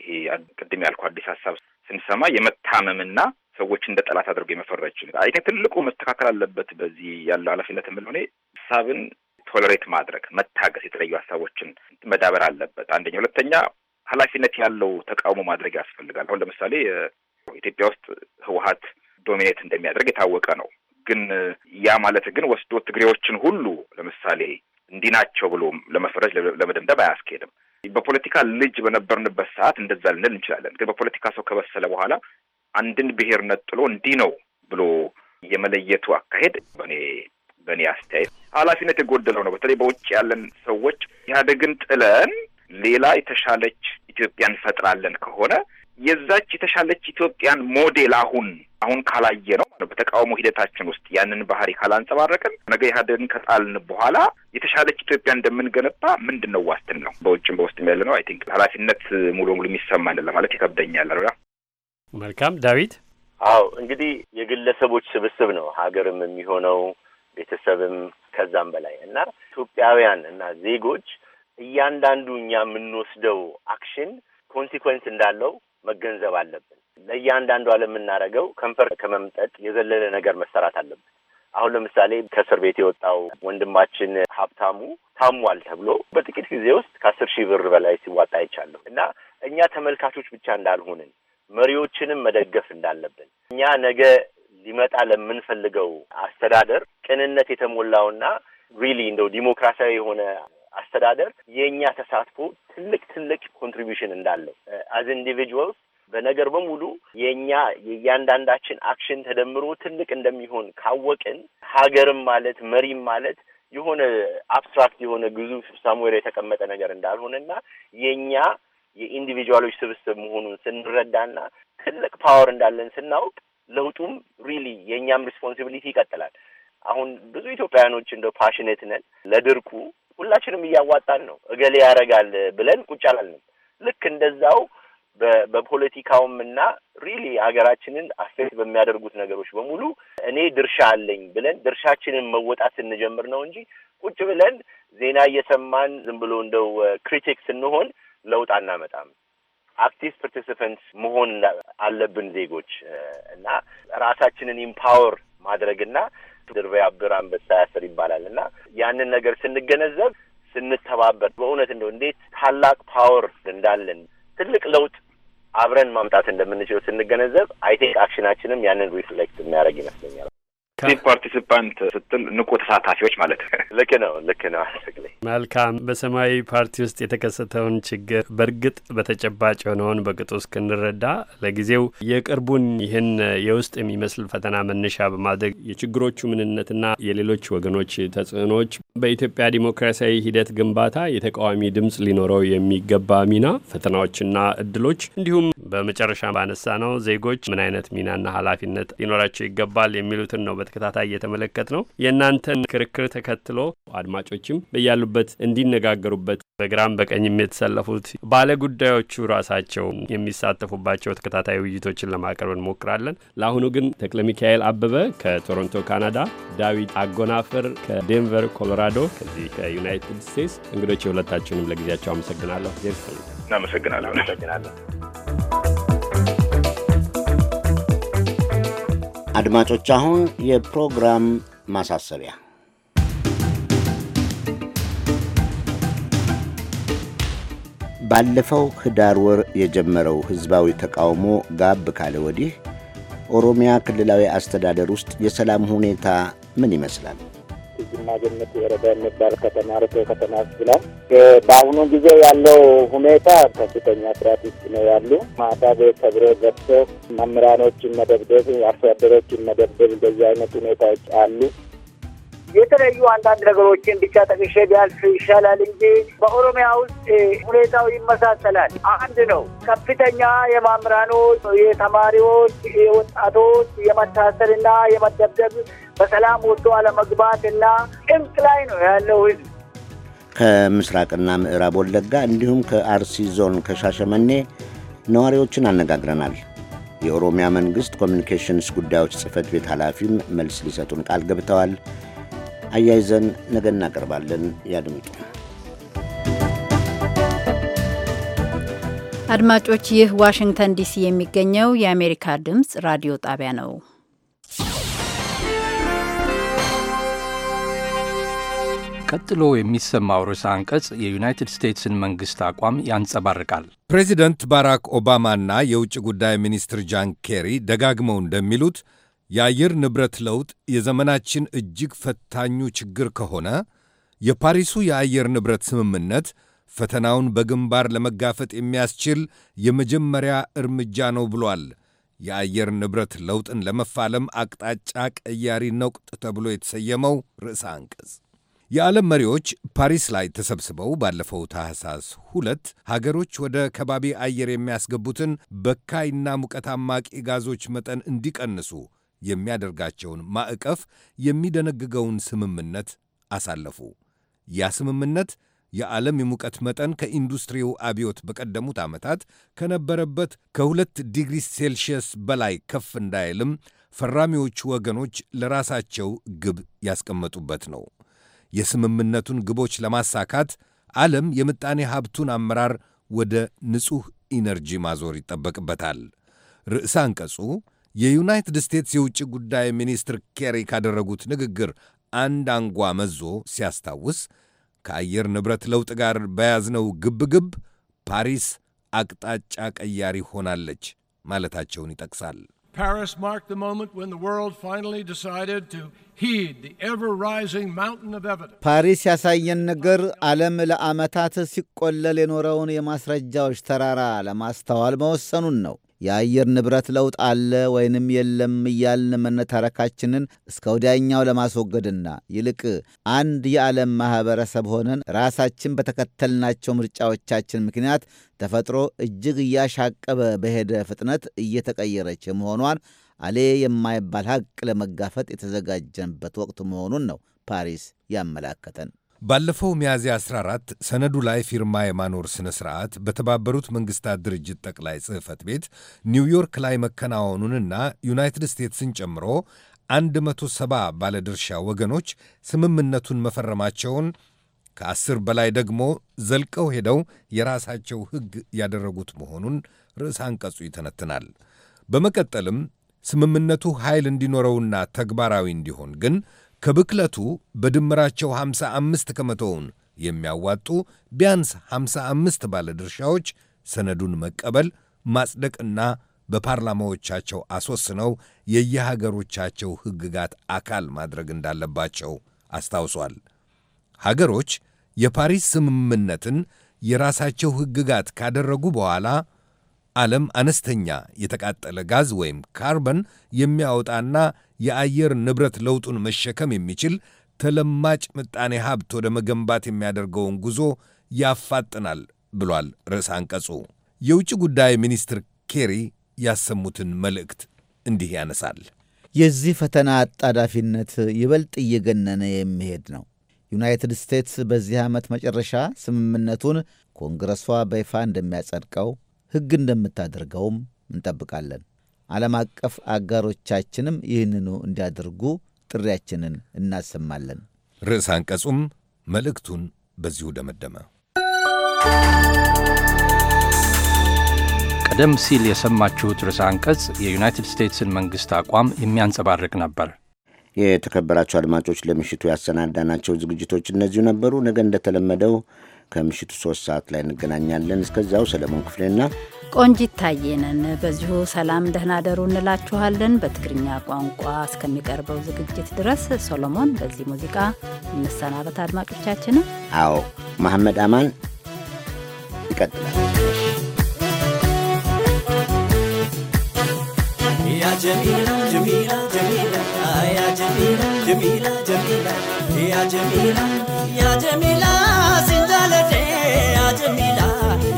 ይሄ ቅድም ያልኩ አዲስ ሀሳብ ስንሰማ የመታመምና ሰዎች እንደ ጠላት አድርጎ የመፈረጅ አይ ትልቁ መስተካከል አለበት። በዚህ ያለው ኃላፊነት የምልሆኔ ሀሳብን ቶለሬት ማድረግ መታገስ፣ የተለያዩ ሀሳቦችን መዳበር አለበት። አንደኛ። ሁለተኛ ኃላፊነት ያለው ተቃውሞ ማድረግ ያስፈልጋል። አሁን ለምሳሌ ኢትዮጵያ ውስጥ ህወሀት ዶሚኔት እንደሚያደርግ የታወቀ ነው። ግን ያ ማለት ግን ወስዶ ትግሬዎችን ሁሉ ለምሳሌ እንዲህ ናቸው ብሎ ለመፈረጅ ለመደምደም አያስኬድም። በፖለቲካ ልጅ በነበርንበት ሰዓት እንደዛ ልንል እንችላለን። ግን በፖለቲካ ሰው ከበሰለ በኋላ አንድን ብሔር ነጥሎ እንዲህ ነው ብሎ የመለየቱ አካሄድ በእኔ በእኔ አስተያየት ኃላፊነት የጎደለው ነው። በተለይ በውጭ ያለን ሰዎች ኢህአዴግን ጥለን ሌላ የተሻለች ኢትዮጵያ እንፈጥራለን ከሆነ የዛች የተሻለች ኢትዮጵያን ሞዴል አሁን አሁን ካላየ ነው በተቃውሞ ሂደታችን ውስጥ ያንን ባህሪ ካላንጸባረቅን ነገ ኢህአዴግን ከጣልን በኋላ የተሻለች ኢትዮጵያ እንደምንገነባ ምንድን ነው ዋስትን ነው? በውጭም በውስጥም ያለ ነው። አይ ቲንክ ኃላፊነት ሙሉ ሙሉ የሚሰማን ማለት ይከብደኛል። አሉላ መልካም ዳዊት። አዎ እንግዲህ የግለሰቦች ስብስብ ነው ሀገርም የሚሆነው ቤተሰብም ከዛም በላይ እና ኢትዮጵያውያን እና ዜጎች እያንዳንዱ እኛ የምንወስደው አክሽን ኮንሲኮንስ እንዳለው መገንዘብ አለብን። ለእያንዳንዱ ለምናደርገው ከንፈር ከመምጠጥ የዘለለ ነገር መሰራት አለብን። አሁን ለምሳሌ ከእስር ቤት የወጣው ወንድማችን ሀብታሙ ታሟል ተብሎ በጥቂት ጊዜ ውስጥ ከአስር ሺህ ብር በላይ ሲዋጣ አይቻለሁ እና እኛ ተመልካቾች ብቻ እንዳልሆንን መሪዎችንም መደገፍ እንዳለብን እኛ ነገ ሊመጣ ለምንፈልገው አስተዳደር ቅንነት የተሞላውና ሪሊ እንደው ዲሞክራሲያዊ የሆነ አስተዳደር የእኛ ተሳትፎ ትልቅ ትልቅ ኮንትሪቢሽን እንዳለው አዝ ኢንዲቪጁዋልስ በነገር በሙሉ የእኛ የእያንዳንዳችን አክሽን ተደምሮ ትልቅ እንደሚሆን ካወቅን ሀገርም ማለት መሪም ማለት የሆነ አብስትራክት የሆነ ግዙፍ ሳሙዌር የተቀመጠ ነገር እንዳልሆነና የእኛ የኢንዲቪጁዋሎች ስብስብ መሆኑን ስንረዳና ትልቅ ፓወር እንዳለን ስናውቅ ለውጡም ሪሊ የእኛም ሪስፖንሲቢሊቲ ይቀጥላል። አሁን ብዙ ኢትዮጵያውያኖች እንደ ፓሽኔት ነን ለድርቁ ሁላችንም እያዋጣን ነው። እገሌ ያደርጋል ብለን ቁጭ አላልንም። ልክ እንደዛው በፖለቲካውም እና ሪሊ ሀገራችንን አፌክት በሚያደርጉት ነገሮች በሙሉ እኔ ድርሻ አለኝ ብለን ድርሻችንን መወጣት ስንጀምር ነው እንጂ ቁጭ ብለን ዜና እየሰማን ዝም ብሎ እንደው ክሪቲክ uh, ስንሆን ለውጥ አናመጣም። አክቲቭ ፓርቲሲፐንት መሆን አለብን ዜጎች እና ራሳችንን ኢምፓወር ማድረግና ድር ቢያብር አንበሳ ያስር ይባላል እና ያንን ነገር ስንገነዘብ ስንተባበር በእውነት እንደው እንዴት ታላቅ ፓወር እንዳለን ትልቅ ለውጥ አብረን ማምጣት እንደምንችለው ስንገነዘብ አይ ቲንክ አክሽናችንም ያንን ሪፍሌክት የሚያደርግ ይመስለኛል። አክቲቭ ፓርቲሲፓንት ስትል ንቁ ተሳታፊዎች ማለት ነው። ልክ ነው፣ ልክ ነው። አስግ መልካም። በሰማያዊ ፓርቲ ውስጥ የተከሰተውን ችግር በእርግጥ በተጨባጭ የሆነውን በቅጡ እስክንረዳ ለጊዜው የቅርቡን ይህን የውስጥ የሚመስል ፈተና መነሻ በማድረግ የችግሮቹ ምንነትና የሌሎች ወገኖች ተጽዕኖዎች በኢትዮጵያ ዲሞክራሲያዊ ሂደት ግንባታ የተቃዋሚ ድምፅ ሊኖረው የሚገባ ሚና፣ ፈተናዎችና እድሎች እንዲሁም በመጨረሻ ባነሳ ነው ዜጎች ምን አይነት ሚናና ኃላፊነት ሊኖራቸው ይገባል የሚሉትን ነው በተከታታይ እየተመለከት ነው። የእናንተን ክርክር ተከትሎ አድማጮችም በያሉበት እንዲነጋገሩበት በግራም በቀኝም የተሰለፉት ባለጉዳዮቹ ራሳቸው የሚሳተፉባቸው ተከታታይ ውይይቶችን ለማቅረብ እንሞክራለን። ለአሁኑ ግን ተክለ ሚካኤል አበበ ከቶሮንቶ ካናዳ፣ ዳዊት አጎናፍር ከዴንቨር ኮሎራዶ ከዚህ ከዩናይትድ ስቴትስ እንግዶች የሁለታችሁንም ለጊዜያቸው አመሰግናለሁ። እናመሰግናለሁ። አድማጮች፣ አሁን የፕሮግራም ማሳሰቢያ ባለፈው ህዳር ወር የጀመረው ህዝባዊ ተቃውሞ ጋብ ካለ ወዲህ ኦሮሚያ ክልላዊ አስተዳደር ውስጥ የሰላም ሁኔታ ምን ይመስላል? ጅማ ገነት ወረዳ የሚባል ከተማ ርቶ ከተማ ውስጥ ነው። በአሁኑ ጊዜ ያለው ሁኔታ ከፍተኛ ስርዓት ውስጥ ነው ያሉ ማታ ቤት ተብሎ ገብቶ መምህራኖችን መደብደብ፣ አርሶ መደብደብ እንደዚህ አይነት ሁኔታዎች አሉ። የተለያዩ አንዳንድ ነገሮችን ብቻ ጠቅሼ ቢያልፍ ይሻላል እንጂ በኦሮሚያ ውስጥ ሁኔታው ይመሳሰላል። አንድ ነው። ከፍተኛ የማምራኖች፣ የተማሪዎች፣ የወጣቶች የመታሰርና የመደብደብ በሰላም ወጥቶ አለመግባት ጭንቅ ላይ ነው ያለው ህዝብ። ከምስራቅና ምዕራብ ወለጋ እንዲሁም ከአርሲ ዞን ከሻሸመኔ ነዋሪዎችን አነጋግረናል። የኦሮሚያ መንግሥት ኮሚኒኬሽንስ ጉዳዮች ጽህፈት ቤት ኃላፊም መልስ ሊሰጡን ቃል ገብተዋል። አያይዘን ነገ እናቀርባለን። ያድምጡ። አድማጮች፣ ይህ ዋሽንግተን ዲሲ የሚገኘው የአሜሪካ ድምፅ ራዲዮ ጣቢያ ነው። ቀጥሎ የሚሰማው ርዕሰ አንቀጽ የዩናይትድ ስቴትስን መንግሥት አቋም ያንጸባርቃል። ፕሬዚደንት ባራክ ኦባማና የውጭ ጉዳይ ሚኒስትር ጃን ኬሪ ደጋግመው እንደሚሉት የአየር ንብረት ለውጥ የዘመናችን እጅግ ፈታኙ ችግር ከሆነ የፓሪሱ የአየር ንብረት ስምምነት ፈተናውን በግንባር ለመጋፈጥ የሚያስችል የመጀመሪያ እርምጃ ነው ብሏል። የአየር ንብረት ለውጥን ለመፋለም አቅጣጫ ቀያሪ ነቁጥ ተብሎ የተሰየመው ርዕሰ አንቀጽ የዓለም መሪዎች ፓሪስ ላይ ተሰብስበው ባለፈው ታህሳስ ሁለት ሀገሮች ወደ ከባቢ አየር የሚያስገቡትን በካይና ሙቀት አማቂ ጋዞች መጠን እንዲቀንሱ የሚያደርጋቸውን ማዕቀፍ የሚደነግገውን ስምምነት አሳለፉ። ያ ስምምነት የዓለም የሙቀት መጠን ከኢንዱስትሪው አብዮት በቀደሙት ዓመታት ከነበረበት ከሁለት ዲግሪ ሴልሽየስ በላይ ከፍ እንዳይልም ፈራሚዎቹ ወገኖች ለራሳቸው ግብ ያስቀመጡበት ነው። የስምምነቱን ግቦች ለማሳካት ዓለም የምጣኔ ሀብቱን አመራር ወደ ንጹሕ ኢነርጂ ማዞር ይጠበቅበታል። ርዕሰ አንቀጹ የዩናይትድ ስቴትስ የውጭ ጉዳይ ሚኒስትር ኬሪ ካደረጉት ንግግር አንድ አንጓ መዞ ሲያስታውስ ከአየር ንብረት ለውጥ ጋር በያዝነው ግብግብ ፓሪስ አቅጣጫ ቀያሪ ሆናለች ማለታቸውን ይጠቅሳል። Paris marked the moment when the world finally decided to heed the ever rising mountain of evidence. ፓሪስ ያሳየን ነገር ዓለም ለዓመታት ሲቆለል የኖረውን የማስረጃዎች ተራራ ለማስተዋል መወሰኑን ነው። የአየር ንብረት ለውጥ አለ ወይንም የለም እያልን መነታረካችንን እስከ ወዲያኛው ለማስወገድና ይልቅ አንድ የዓለም ማኅበረሰብ ሆነን ራሳችን በተከተልናቸው ምርጫዎቻችን ምክንያት ተፈጥሮ እጅግ እያሻቀበ በሄደ ፍጥነት እየተቀየረች መሆኗን አሌ የማይባል ሐቅ ለመጋፈጥ የተዘጋጀንበት ወቅት መሆኑን ነው ፓሪስ ያመላከተን። ባለፈው ሚያዝያ 14 ሰነዱ ላይ ፊርማ የማኖር ሥነ ሥርዓት በተባበሩት መንግሥታት ድርጅት ጠቅላይ ጽሕፈት ቤት ኒውዮርክ ላይ መከናወኑንና ዩናይትድ ስቴትስን ጨምሮ 170 ባለድርሻ ወገኖች ስምምነቱን መፈረማቸውን ከአስር በላይ ደግሞ ዘልቀው ሄደው የራሳቸው ሕግ ያደረጉት መሆኑን ርዕስ አንቀጹ ይተነትናል። በመቀጠልም ስምምነቱ ኃይል እንዲኖረውና ተግባራዊ እንዲሆን ግን ከብክለቱ በድምራቸው 55 ከመቶውን የሚያዋጡ ቢያንስ 55 ባለድርሻዎች ሰነዱን መቀበል ማጽደቅና በፓርላማዎቻቸው አስወስነው የየሀገሮቻቸው ሕግጋት አካል ማድረግ እንዳለባቸው አስታውሷል። ሀገሮች የፓሪስ ስምምነትን የራሳቸው ሕግጋት ካደረጉ በኋላ ዓለም አነስተኛ የተቃጠለ ጋዝ ወይም ካርበን የሚያወጣና የአየር ንብረት ለውጡን መሸከም የሚችል ተለማጭ ምጣኔ ሀብት ወደ መገንባት የሚያደርገውን ጉዞ ያፋጥናል ብሏል ርዕሰ አንቀጹ። የውጭ ጉዳይ ሚኒስትር ኬሪ ያሰሙትን መልእክት እንዲህ ያነሳል። የዚህ ፈተና አጣዳፊነት ይበልጥ እየገነነ የሚሄድ ነው። ዩናይትድ ስቴትስ በዚህ ዓመት መጨረሻ ስምምነቱን ኮንግረሷ በይፋ እንደሚያጸድቀው ሕግ እንደምታደርገውም እንጠብቃለን። ዓለም አቀፍ አጋሮቻችንም ይህንኑ እንዲያደርጉ ጥሪያችንን እናሰማለን። ርዕስ አንቀጹም መልእክቱን በዚሁ ደመደመ። ቀደም ሲል የሰማችሁት ርዕስ አንቀጽ የዩናይትድ ስቴትስን መንግሥት አቋም የሚያንጸባርቅ ነበር። የተከበራቸው አድማጮች ለምሽቱ ያሰናዳናቸው ዝግጅቶች እነዚሁ ነበሩ። ነገ እንደተለመደው ከምሽቱ ሶስት ሰዓት ላይ እንገናኛለን። እስከዚያው ሰለሞን ክፍሌና ቆንጂት ታየነን በዚሁ ሰላም ደህና ደሩ እንላችኋለን። በትግርኛ ቋንቋ እስከሚቀርበው ዝግጅት ድረስ ሶሎሞን፣ በዚህ ሙዚቃ እንሰናበት አድማጮቻችንን። አዎ መሐመድ አማን ይቀጥላል። ያ ጀሚላ جميلة ጀሚላ يا ጀሚላ جميلة ጀሚላ يا ማለፌ ያጀሚላ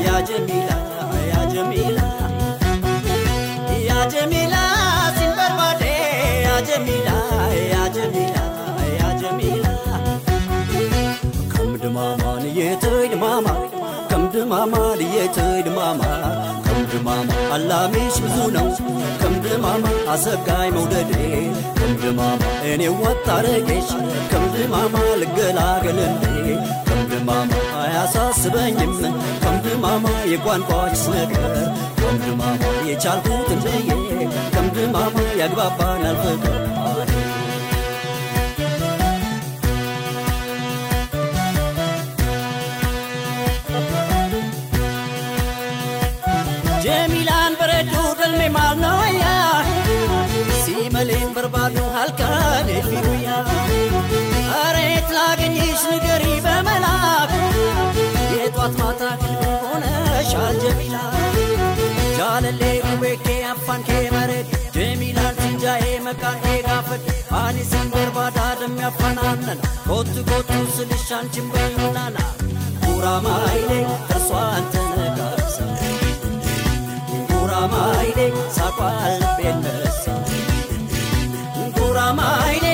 ያጀሚላ ያጀሚላ ያጀሚላ አላሚሽ ብዙ ነው አሰጋይ መውደዴ ከም ድማማ እኔ ወጣረጌሽ አያሳስበኝም ከምድማማ የቋንቋች ነገር ከምድማማ የቻልኩት እንደዬ ከምድማማ ያግባባናል ፍቅር ጀሚላን በረዶ ደልሜ ማልናያ ሲመሌን በርባዶ አልቃ ፊሩያ አሬት ላገኝሽ ንገሪ ጠዋት ማታ ክንድም ሆነሻል ጀሚላ ጃለሌ ውቤኬ አፋንኬ መሬት ጀሚላን ሲንጃዬ መቃኔ ጋፈት አኒሲን በርባዳ ደሚያፈናነን ኮቱ ኮቱ ስልሻን አንቺን በይሙናና ጉራማይሌ እርሷ አንተነጋሰ ጉራማይሌ ሳቋል ጉራማይሌ